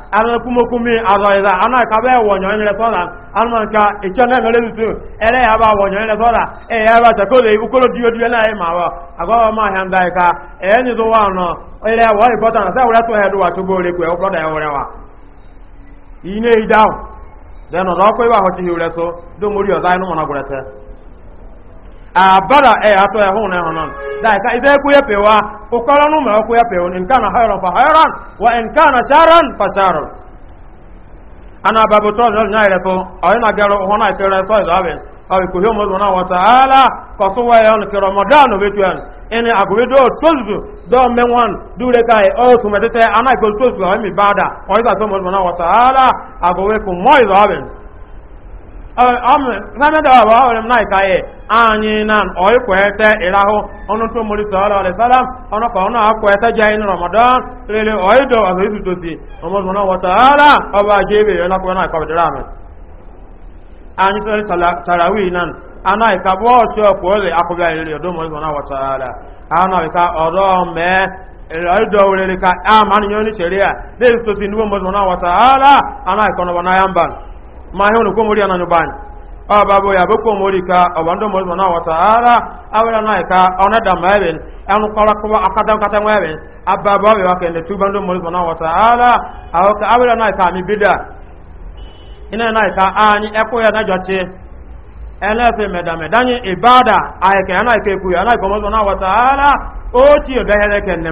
ana kumokumi azɔyiza ana ka bɛ wɔnyɔnyi lɛ sɔla ana ka etsɔ nɛ mɛlɛ tutu ere ya ba wɔnyɔnyi lɛ sɔla ɛyɛ e, ya ba sako le ukolo diyo diyo n'a ye ma wɔ agbɔ ma hɛn ka e ni to wa nɔ ɛlɛ na sa wɛrɛ to hɛ do wa to gbɔ le ko ɛwɔ da yɛ wa yi ne da o dɛnɛ ko e b'a ti yi wɛrɛ so do mori yɔ abara ah, e eh, ato e hona honon dai ka ibe ku yape wa ukoro nu ma ku yape on fa hayran wa nke kana sharan fa ana babu to na re to da be o ku yo na wa ala ko so wa ya ke ramadan be tuan ene agwe do tozu do dure kai o su ana ko mi bada na sanadọ ọba ọrịm na ịka anyị na ọikwete ịrahụ ọnụ tó mori sọọrọ sara ọnụ kọ ọnụ akwete jẹ inú ramadan rere ọidọ ọsọ ìsútòsí ọmọdún na wọta ara ọba jẹbẹ yọ lọkọ náà na dẹrẹ àmì. anyị sọrọ tarawih na ana ịka bụ ọchọ kwụọlị akwụbịa rere ọdọ mori na wọta ara ana ịka ọdọ mee ka a ma ara ịkọ ma he onu komori ananyo ya ka na wa taala awela na ka ona da anu kala ko akada kata maben ababo we wa kende tu bando mori na wa taala na ka mi ina na ka ani eko ya na jote ela fe medame danyi ibada ayeke na ka ku ya na ko mori wa taala o ti o dahere ken ne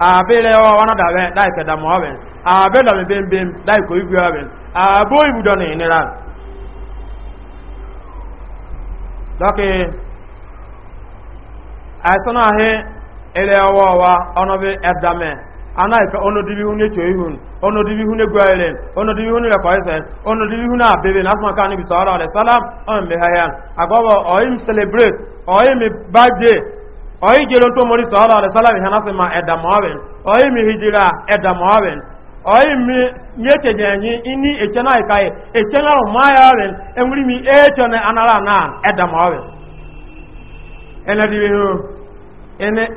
abele wa wana dawe dai ke damo awen abele me bem bem dai ko ibu ben abo ibu do ne nira doke asona he ele wa wa ono be edame ana ife ono dibi hunye cho ihun ono dibi hunye gwaile ono dibi hunye ko ono dibi na asma kan bi sallallahu on oyi jelo to mori sallallahu alaihi wasallam hana Hanase ma edamawen oyi mi hijira edamawen oyi mi nyete nyanyi ini echena ikai echena ro mayawen enwiri mi echone anara na edamawen ene di ho ene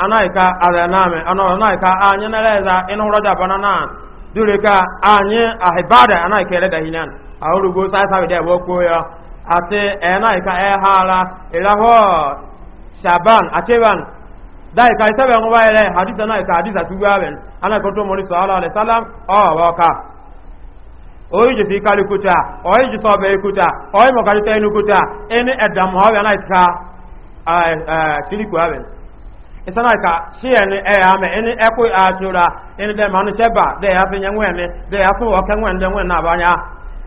anaika naika anye dureka anye ahibada anaika hinan sai de wo ko ya ate enaika ilaho e shaban acheban dai kai sabe ngo baile hadisa na ka hadisa tu gaben ana ko to mori sallallahu alaihi wasallam o wa ka o yi ji kali kuta o yi ji sobe kuta o yi mo kali tayin kuta eni adam ho ya na ka eh kili ku aben isana ka shi eni e ya me eni e ku a tura eni de manu sheba de ya fe nyenwe ni de ya fu o kenwe de nwe na banya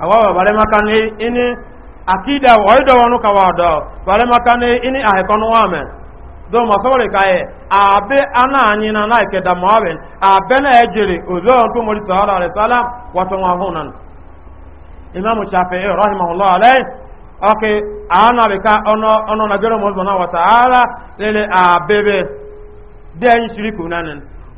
awawa bare maka ini akida oido wonu ka bare maka ini ahe amen do ma kae abe ana anyi na na ke mawen abe na ejere ozo on mori sallallahu alaihi wato ma hunan imam rahimahullah ana be ka ono ono na jero mo wa taala lele abebe de shiriku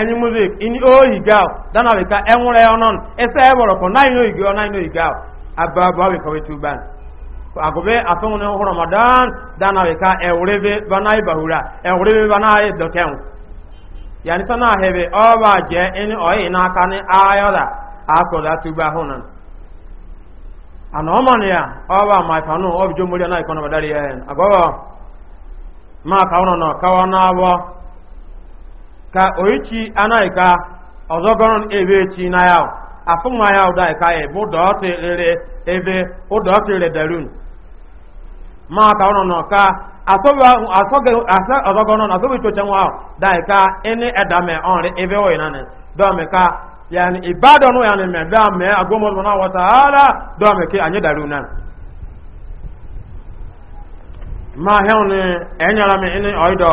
enyi muzik ini oyi gaw dana bi ka enwure onon ese e boro ko nine oyi gaw nine oyi gaw abba ba bi ko wetu ban ko agobe atongu ne ho ramadan dana bi ka enwure be banai bahura enwure be banai doten yani sana hebe o ba je ini oyi na ka ni ayoda akoda tuba honan anomani ya o ba ma kanu o bi jomuri na ikono badari yen agoba ma nọ no kawana bo ka oichi anaghịka ọzọgọrọ ebe chi na ya afụnwa ya ụdaịka ebe ụdọtịrịrị ebe ụdọtịrịrị darun ma ka ọnọ nọ ka ọzọgọrọ na asọghi chocha nwa ahụ daịka ịnị edame ọrị ebe ọ ịnanị dọmi ka yani ibadan ya ni mẹ dame agomo na wata ala dọmi ke anyị darun na ma hẹun ni ẹnyara e mi ịnị dọ.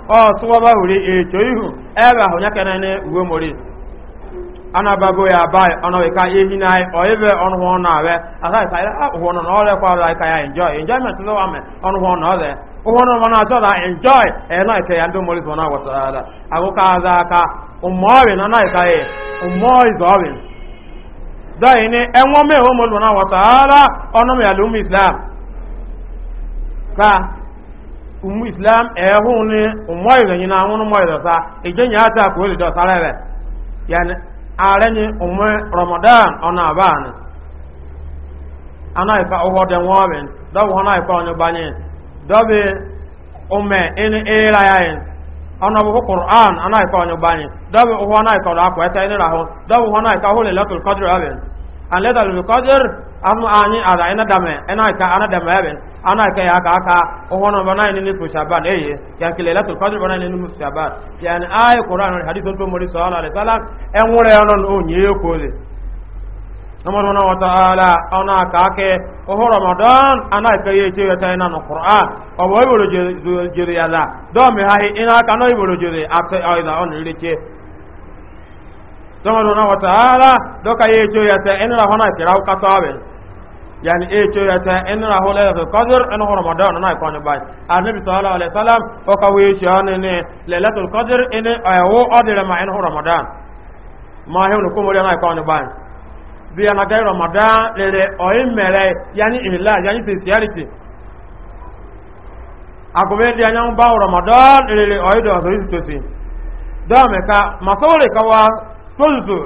ọtụwaba wuri echo ihu ebe ahụ nyakere ne uwe mori anabago ya bai ọnọwika ehi na anyị ọibe ọnụhụ na awe asaịsa ya ụhụ nọ na ọrịa kwara ka ya enjoy enjoyment lọ ame ọnụhụ na ọrịa ụhụ nọ mana achọ na enjoy ee na ike ya ndị mori sọ na gwasara ala agụka aza aka ụmọọrị na naịka ya ụmọọrị zọọrị dọghị ni enwome e ụmụ mori sọ na gwasara ala ọnụ ya lụmụ islam ka umu islam ehu ni umoyiro nyina ŋun moyiro sa ìjọ nyaa ta kò lè dɔ sara rɛ ni umu ramadan ɔnà abaani ana ifa ɔhɔ dɛ ŋɔɔbin dɔbi hɔn ifa ɔnyo banyin dɔbi umɛ ɛni ɛɛra yayin qur'an ana ifa ifa ifa an leta lu qadir amu ani ada ina dame ina ka ana dame ben ana ka ya ka ka ohono bana ni ni shaban eh ya kile latu qadir bana ni ni shaban yani ay qur'an hadith to muri sallallahu alaihi wasallam en wure onon o nyi ko le namar wa ta'ala ona ka ke oho ramadan ana ka ye che ta ina no qur'an o boy bolo jere ya da do me ha ina ka no ibolo jere ate ayda on ile che tọ́mọdún náà wata ara dọ́ka yẹ ètò yẹtẹ ẹni ra hona ìkìlá ọkà tó àwẹ̀ yàni ètò yẹtẹ ẹni ra hona ìkìlá kọ́dúr ẹni hona mọ̀dọ́ ọ̀nà ìkọ́ni báyìí anabi sọ́lá alẹ́ o ọkà wọ ètò ọ̀nà ní lẹ́lẹ́tò kọ́dúr ẹni ẹ̀wọ́ ọ̀dẹ̀rẹ̀ ma ẹni hona mọ̀dọ́ ma hẹ́wọ̀n kó mọ̀dọ́ ọ̀nà ìkọ́ni e báyìí bí ẹna gẹ́ ramadan o ọ̀yìn e mẹ́rẹ̀ yàni ìhìlá yàni sincerity agobe di anyanwó bá ramadan lẹ́rẹ̀ ọ̀yìn e dọ̀ ọ̀sọ̀ yìí tó ti dọ́ọ̀mẹ̀ka masọ́wọ́lẹ̀ kan wá tozuzu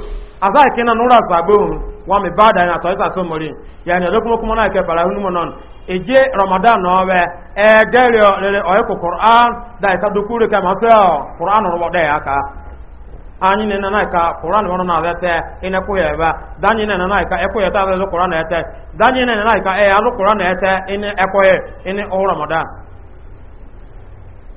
asa ikena nura sagbon wa mi bada na to so mori ya ni odokumo na ke bara hunu mo non eje e delio lele o ko qur'an da ka dukure ka ma so qur'an no wo de aka anyị na nana wọn na vete ina ya na nana ka e ya na ete na ka na ete ya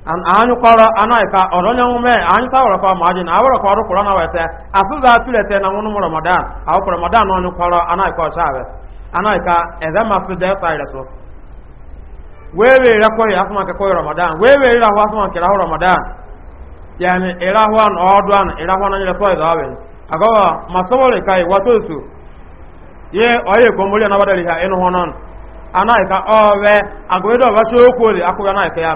an anyu kɔrɔ ana yi ka ɔrɔ nyɛ mɛ anyu ta wɔrɔ kɔ maa jina awɔrɔ kɔrɔ kɔrɔ na wɛsɛ na ŋunu ramadan awɔ kɔ ramadan na ɔnyu kɔrɔ ana ọcha kɔ saabɛ ana ka ɛzɛ ma su dɛ sa yɛrɛ Wee wewe yɛrɛ ramadan ma sɔbɔli ka yi ye ɔye ha inu hɔnɔn ana anaghị ka ɔɔbɛ agogo dɔ ka ya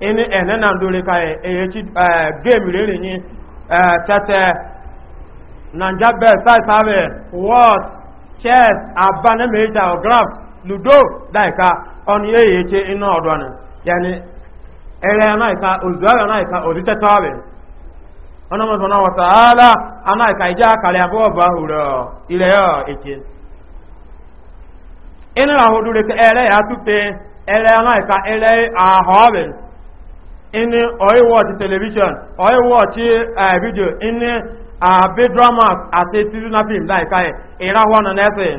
ini ene eh, na ndore ka eye eh, eh, chi game rere ni tete nanja bell side sabe what chess abane meja o graphs ludo daika on eye che ina odo ni yani ere na ka ozuwa na ka oditete abe ọ̀nà mọ̀ sọ̀nà wọ̀ta ààlá aná ìka ìjá àkàlẹ̀ àbúwọ̀bá hùrọ̀ ilẹ̀ ọ̀ èké ere ya ẹ̀rẹ́ ere ẹ̀rẹ́ aná ere ẹ̀rẹ́ àhọ́bẹ̀ ini oyi watch television oyi watch uh, video ini abi drama ati seasonal na nesin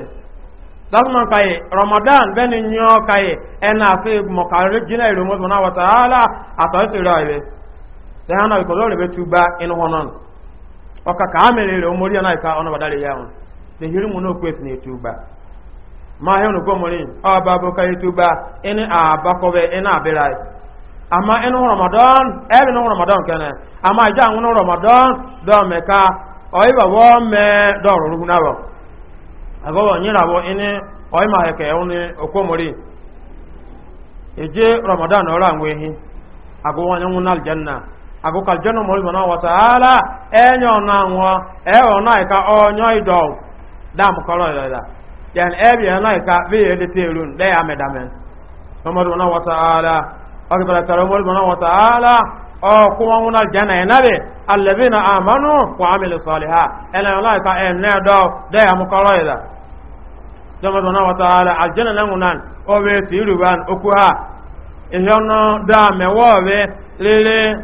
dasman kai ramadan beni nyo kai ena fi mokare jina iru mo na wa taala ato se ra ile se ko lo ka amere na ka ona badale ya on de hiru mo no ni tuba ma he no ko bo kai tuba ini ko amma inu ramadan ebe nu ramadan kene amma ija anu ramadan do meka oyi babo me do rurugu na bo agowo nyira bo ini oyi ma heke oni okomori eje ramadan ora ngwe hi agowo nyu na aljanna ago kal janna mo ibana wa taala enyo na nwo e ona ka onyo ido dam kolo ila yani ebi ona ka bi edete run de amedamen Muhammadu wa ta'ala Ọchịchị karịrị ụmụ nwaanyị ọha ọhụrụ ọhụrụ ọhụrụ ọhụrụ kụma ọhụrụ na-ajana enebe ala bi na ama ka enee dọọ dee amụkọrọ ịla. Jọma ọhụrụ ọha ọhụrụ ọha ọha ọrịa jana na o bụ esi iri ban oku ha. Ịhịa ọnọ ndị amịwọọ bee iree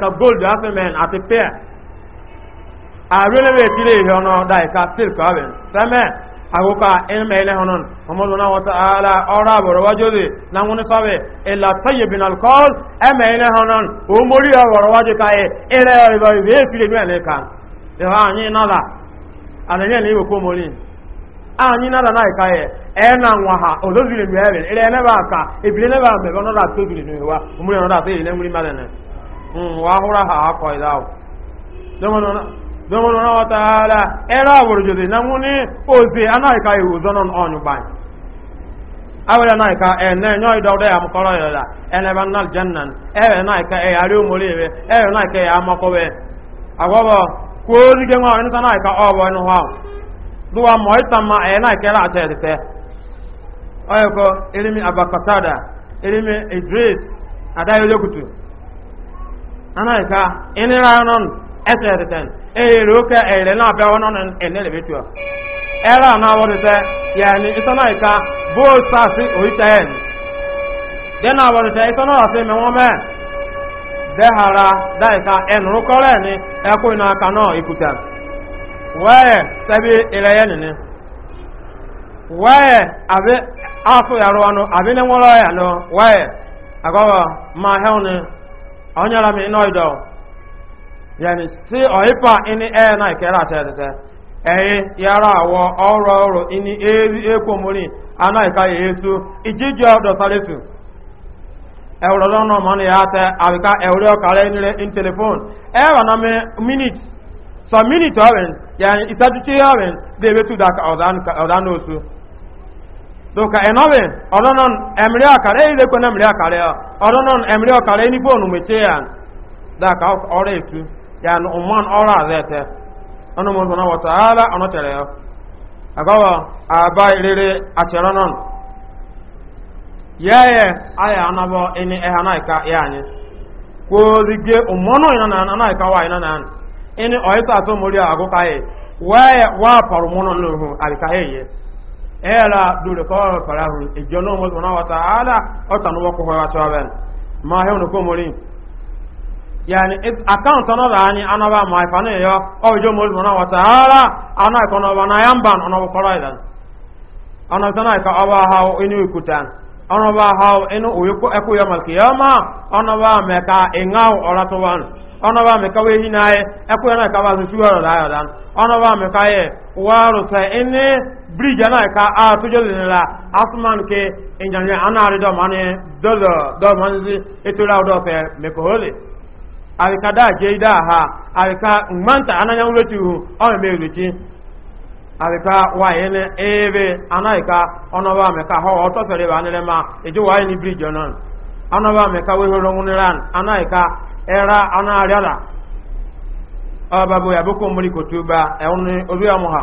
ka gold asemịn ati piya. Awere bụ esi dị ịhịa ọnọ ka sirikwa ha bi. agoka ilma ile honon muhammadu na wata ala ọrọ abọrọ wajo de na wani sabe ila tayi bin alkohol ẹmẹ ile honon umori ọrọ wajo ka ye ile ọrọ ibe efi de mẹlẹ kan ìhà anyi nada àdànyẹ ni ìwòkó mori anyi nada náà ka ye ẹna nwa ha olóòzìlè mi ẹrẹ ilẹ ẹnẹ bá ka ìbílẹ ẹnẹ bá bẹbẹ ọ̀nà dàtó ìbílẹ mi wa umori ọ̀nà dàtó ìlẹ múrí mẹlẹ nẹ wàá húra ha akọ ìdáwó zọmọdún náà wọ́ta na ní òsè anáìka ìwò zọ́nàn ọ̀nyù gbáyì awẹ́rẹ́ anáìka ẹ̀nà ẹ̀yọ́ ìdọ́dẹ́ àmukọ́rọ̀ ìrọ̀lá ẹ̀nẹ́bà náà jẹ́nàn ẹ̀rẹ̀ anáìka ẹ̀yà rí òmòrí rẹ̀ ẹ̀rẹ̀ anáìka ya amọ́kọ́wẹ́ àgọ́bọ̀ kó rígẹ́ wọn ní sanáìka ọ̀bọ̀ duwa ma abakatada idris eyere oke ere na abịawa nọ enelebetua era na awọrịta ya ni isana ika both sasi oita en den awọrịta isana ọsị mi wọn mee dehara daika enuru kọrọ eni ekwe na aka nọ ikuta wee sebi ire ya nini wee abi afọ ya rụwa nụ abi ne nwụrọ ya nụ wee agọwa ma hel ni onyere m ịnọ idọ yẹni si ọhịpa ịnị ee na ekere ata etete eyi yara awọ ọrụ ọrụ ịnị eri ekwomori anaghịka ya esu ijiji ọdọsalesu ewurodo nọ mmanụ ya ata abịka ewuri ọkara enire in telefon ewa na minit sọ minit ọrin yani isatuchi ọrin dị ebe tuda ka ọda n'osu doka enobe ọdọnọn emiri ọkara eyi lekwe na emiri ọkara ya ọdọnọn emiri ọkara enifonu mechie ya daka ọrụ yani umman ọrụ zete ono mo sona wa taala ono tere ya agawa aba irere atere ya yeye aya anabo ini e hanaika yani ko rige ummono ina na anaika wa ina na ini oita to mori ago kai waye wa paru mono nuhu alika ma mori yani account ọ̀nà ọ̀la anyị anaba ma ifa na eyo ọjọ́ mo lùmọ̀ náà wata ara ana ikọ̀ na ọba na ya mba ọ̀nà ọkọrọ ìlà ọ̀nà ìtọ́nà ìka ọba ha inú ìkúta ọ̀nà ha inú òwe ẹkú yọ màlìkì yọ ma ọ̀nà ọba mẹ́ka ìŋá ọ̀la tó wà nù ọ̀nà ọba mẹ́ka wé yín náà ẹkú yọ náà ìka bá tuntun ya láyọ̀ dán ọ̀nà ọba mẹ́ka yẹ wàrù sẹ ẹni bíríjì náà ìka àtúnjọ́ lè nira asuman ke ìjànjẹ anáàrídọ̀ mọ́ni dọ́dọ̀ dọ́ mọ́ni arika da je da ha arika manta ananya wetu hu o me ruchi arika wa yene ebe anaika ono ba me ka ho o to fere ba nele ma eje wa ni bridge onon ono ba me ka we ho rongun ran anaika era ana ariala ya boko muri kotuba e onu ozu ya muha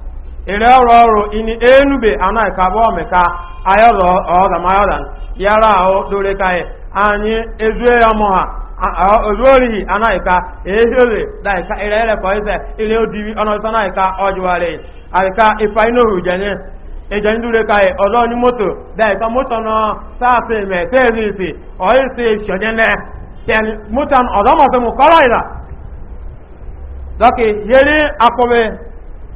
ere ọrụ ọrụ ini enube anaghị ka abụọ meka ayọrọ ọdam ayọdan yara ahụ dore ka anyị ezue ya ọmụ ha ozu orihi anaghị ka ehiole daika ere ere ka ọịsa ire odibi ọnọdụ anaghị ka ọjụwarị arịka ifa inohu jenye ejenye dure ka ọzọ onye moto daika moto nọ saapị me sezisi ọịsị shonyene ten moto ọzọ mọtọ mụ kọrọ ịla dọkị yeri akpọbe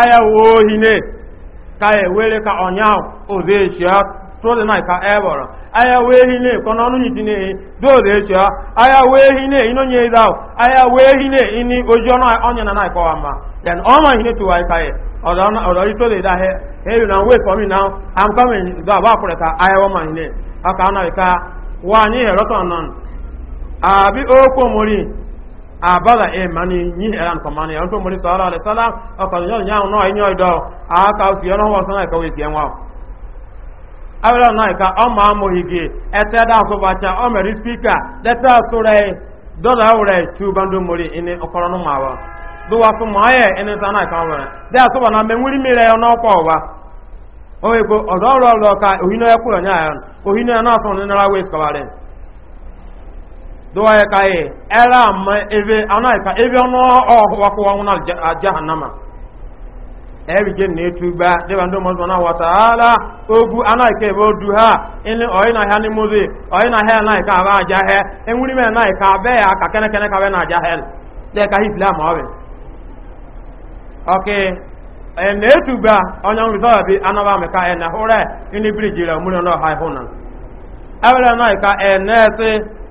aya wo hine ka ewere ka ọnyaahụ echi echia tụrụ na ka ebọrọ aya wee hine kọ n'ọnụ nyitinye dozi echia aya wee hine inonye ezi ahụ aya wee hine ini oji ọnụ onye na na-akọwa then ọma hine tụwa ịka ya ọdọ yìí tó abala e mani nyi eran ko mani on to muri sallallahu alaihi wasallam o ko yo nyaa no nyo do a ka fi sana ka we si enwa na ka o ma mo da ba cha o speaker do la tu bando ini no sana ka wa na me nwiri mi re no ko wa o ko o do ro ro ka ya ku nya ya na so na ra we ko do ya ka ye era ma ebe ana e ka ebe ono ohwa ko won na jahannama e bi je ne de ba ma na wa ala ogu ana e ka ebe odu ha ile oyi na ha ni muzi na ha na e ka ba ja he na ka be ya ka kene ka na ja he de ka islam o be bi ka e ha na na ka na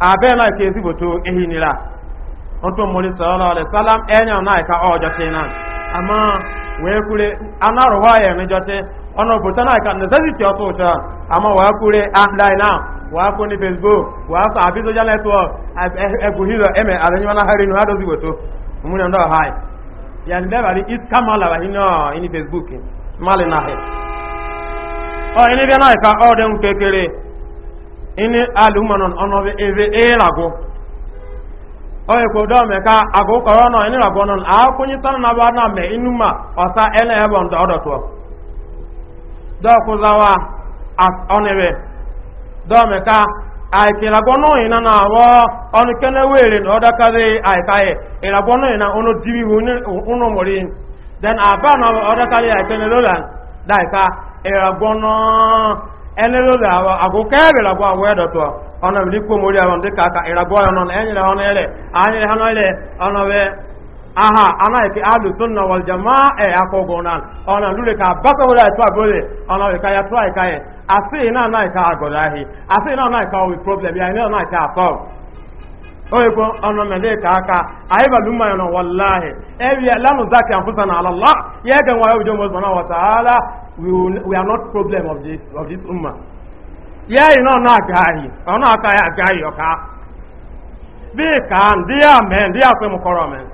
Abe náà kí ezigbo to ehi nira wọ́n tó mọ́lé sọ́ọ́lọ́ ọ̀lẹ́ sálám ẹ̀yàn náà ẹ̀ka ọ̀jọ́ tẹ́ náà àmọ́ wẹ́ẹ́ kúrẹ́ anáròwá ẹ̀ níjọ́ tẹ́ ọ̀nà òbòtá náà ẹ̀ka necessity ọ̀tọ̀ òṣà àmọ́ wàá kúrẹ́ ahndai náà wàá kó ní facebook wàá sọ àbí social network ẹ̀gùn hílọ̀ ẹ̀mẹ̀ àlẹ́yìn wọn ahẹ́rẹ́ inú adọ́sí wòtó òmùnà náà háì yàní bẹ́ẹ̀ bàrí is kamala wà nínú ẹni facebook ọ ahẹ́ ọ̀ ẹni ini alumanon onobe ebe e lagu oye ko do me ka ago koro ini rago non a kunyi tan na ba na me inuma osa ele ebo ndo odo to do ku zawa as onebe do me ka ai ke rago no ina na wo on kene were no da ka dei ai kai e lagu no ina ono dibi woni mori then aba na oda ka dei ai kene lolan dai ka e rago no ẹlẹ́lọ́dọ̀ àwọn àkókẹ́rẹ̀ làgbọ́ àwọn ẹ̀dọ̀tọ̀ aha e, ka bákọ̀wọ́lá e ẹ̀tọ́ ya tọ́ ìka yẹ ka iná anáìka àgọ̀dọ̀ ahì àti iná anáìka e òwe problem ya iná anáìka àtọ́ oyekwo ọ̀nà mẹ́lẹ̀ ka aka àyíbàlú mma yọ̀nà wàláhì ẹ̀rí ẹ̀ lánàá zaki àfúsà na alàlá yẹ́ gẹ̀ wọ́n ayọ́bìjọ́ mọ́sùmọ́ náà wọ̀tàálá we will, we are not problem of this of this umma yeah you know not guy or not guy guy your car they can they are men they are from men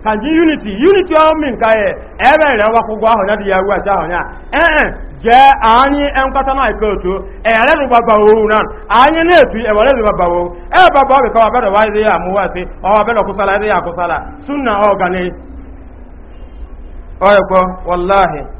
can you unity unity all mean guy ever le wa kugwa ho na dia wa eh je anyi enkata na ko to e na anyi na etu e wore baba wo e ka ya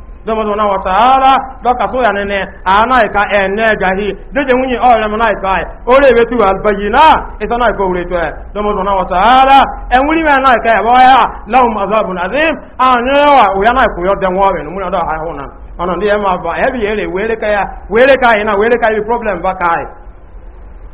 dɔmɔdɔmɔ na wata ara dɔka so ya nene ana ika ene jahi deje nwunye ɔyɛ mu na ika yi ore ebe tu albayi na isa na ika ore to ɛ dɔmɔdɔmɔ na wata ara enwuri mɛ na ika yɛ bɔ ya lahum azabun azim anyi wa oya na ika yɔ dɛn wɔɔre numu na dɔ ahu na ɔnɔ ndi yɛ ma ba ɛbi yɛ le wele ka ya wele ka yi na wele ka yi problem ba ka yi.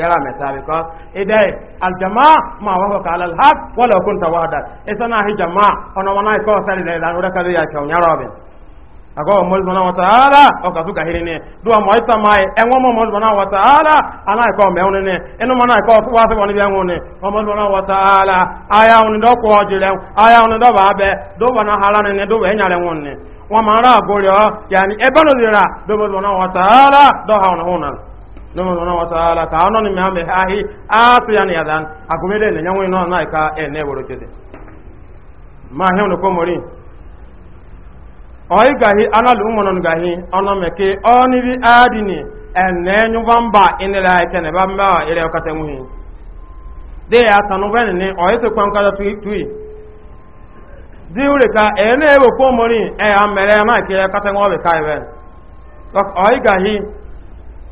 yara mai sabi ko idai aljama ma wa ka alal haq wala kunta wahda isana hi Jamaa ona wana ko sari da dan ura ya chaun ya robin ago mol bana wa taala o ka suka hirine do mo ita mai enwo mo mol bana wa taala ana ko me onne ne eno mana ko wa se woni bi enwo o mol bana wa taala aya on do ko jile aya on do ba be do bana halane ne do be nyale wonne wa mara gorio yani ebano dira do mol bana wa taala do ha on honan nomo subhanahu wa ta'ala ka ono ni mame hahi asu yani yadan akumele ne nyanwe no na ka ene woro chede ma he ono ko mori oyi gahi ana lu mo non gahi ono meke oni bi adini ene nyu bamba inela ikene mba ile okate muhi de ya tanu bene ne oyi to kwan kada tui tui diure ka ene ewo ko mori e amere na ke kate ngobe ka e ben oyi gahi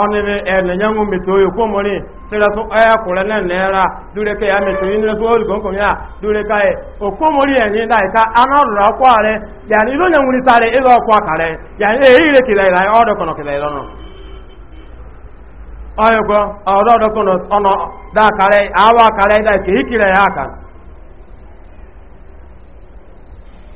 ọ̀nìrì ẹ̀nìyànwó mẹ̀tò yòókù mọ́rin tẹ́lẹ̀ tó ẹ́yàkùnrin náà nẹ́ra dúrẹ́kẹ́ ya mẹ̀tò yìí nílẹ̀ tó olùkọ́kùnrin yà dúrẹ́kà ẹ̀ òkú mọ́rin ẹ̀yìn láìka anárùrà ọkọ̀ rẹ̀ yàní ló yẹn wuli sáré ilé ọkọ̀ àkàrẹ̀ yàní èyí rẹ̀ kìlẹ̀ ìlà ọ̀dọ̀kọ̀nà kìlẹ̀ ìlọ́nà ọ̀yọ̀kọ̀ ọ̀dọ̀kọ̀nà ọ̀nà dákàrẹ̀ àwọn àkàrẹ̀ ìdá ìkìlẹ̀ yà àkàrẹ̀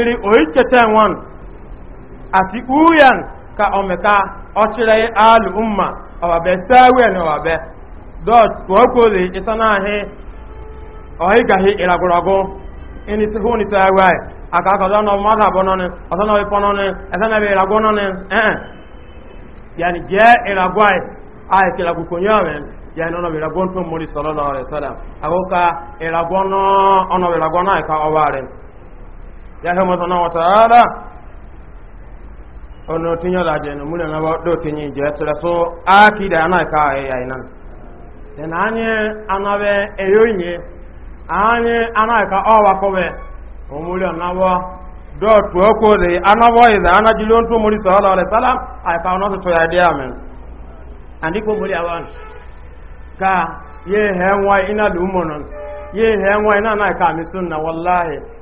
iri oyicheta wọn àti uyan ka ọmọka ọchịrị alụ umma ọbabe sawel ọbabe dọt wọkọli ịsanaghị ọhịgaghị ịragwụragwụ ịnị hụ ni sawel aka aka ọzọ nọ mmadụ abụọ nọ ọzọ nọ ịpọ nọ ẹsẹ nọ ịragwụ yani jẹ ayị kịragwụ konye yani ọnọ ịragwụ ntụ ịragwụ nọ ọnọ ịragwụ nọ ịka yahe mo sona wataala ono tinya la je no na do tinyi je tere so akida ana ka e ya ina den anye anabe eyonye anye ana ka o wa ko be o na do tu ko de ana bo ida ana jilon to muri sallallahu alaihi wasallam ai ka ono to ya andi ko muri awan ka ye he ina ye he ina na ka mi sunna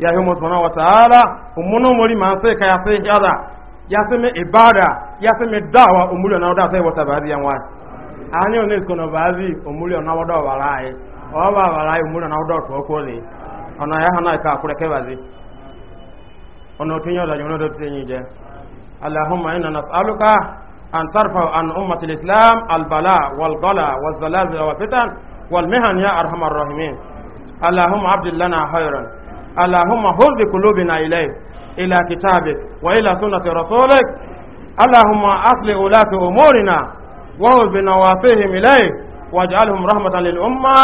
ya hiyo mwana wa taala umuno muri manse ka ya se hada ya se me ibada ya se me dawa umuli na oda sai wata baadhi ya ngwa anyo ne kono baadhi umuli na oda walai oba walai umuli na oda to kole ona ya hana ka kureke bazi ona tinyo da jono do tinyi je allahumma inna an tarfa an ummati islam al wal-ghala wal-zalazil wal-fitan wal-mihan ya arhamar rahimin اللهم عبد لنا اللهم هل بقلوبنا إليك إلى كتابك وإلى سنة رسولك اللهم أصل ولاة أمورنا وهل بنوافيهم إليك واجعلهم رحمة للأمة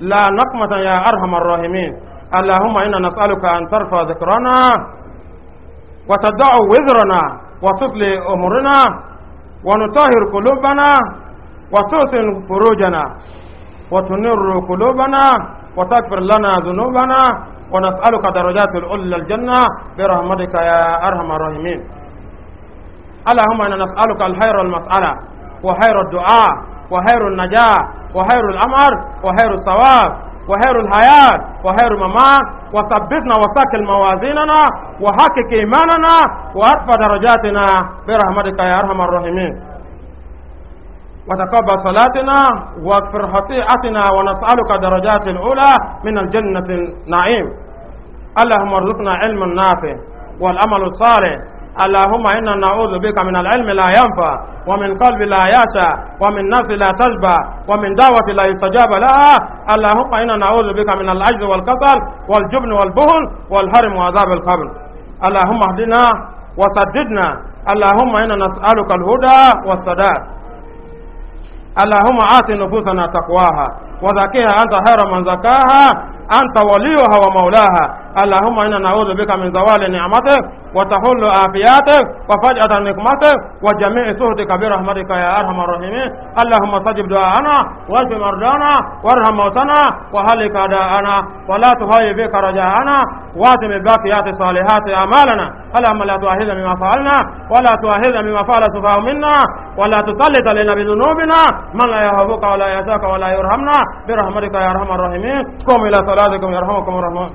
لا نقمة يا أرحم الراحمين اللهم إنا نسألك أن ترفع ذكرنا وتدع وزرنا وتصلي أمورنا ونطهر قلوبنا وتحسن فروجنا وتنر قلوبنا وتغفر لنا ذنوبنا ونسألك درجات العلى الجنة برحمتك يا أرحم الراحمين اللهم أنا نسألك الخير المسألة وخير الدعاء وخير النجاة وخير الأمر وخير الثواب وخير الحياة وخير الممات وثبتنا وثقل موازيننا وحقق إيماننا وأرفع درجاتنا برحمتك يا أرحم الراحمين وتقبل صلاتنا واغفر خطيئتنا ونسألك درجات الأولى من الجنة النعيم اللهم ارزقنا علما نافع والعمل الصالح اللهم إنا نعوذ بك من العلم لا ينفع ومن قلب لا يأسى ومن نفس لا تشبع ومن دعوة لا يستجاب لها اللهم إنا نعوذ بك من العجز والكسل والجبن والبهل والهرم وعذاب القبر اللهم اهدنا وسددنا اللهم إنا نسألك الهدى والسداد اللهم آت نفوسنا تقواها وزكيها أنت خير من زكاها أنت وليها ومولاها اللهم إنا نعوذ بك من زوال نعمتك وتحل آفياتك وفجأة نقمتك وجميع سهدك برحمتك يا أرحم الرحيمين اللهم استجب دعانا واشف مرضانا وارحم موتنا وهلك أداءنا ولا تهي بك رجاءنا واتم الباقيات الصالحات أعمالنا اللهم لا تؤاخذنا بما فعلنا ولا تؤاخذنا بما فعل السفهاء منا ولا تسلط علينا بذنوبنا من لا يهبك ولا يهداك ولا يرحمنا برحمتك يا أرحم الراحمين قم إلى بلاک یار کمرہ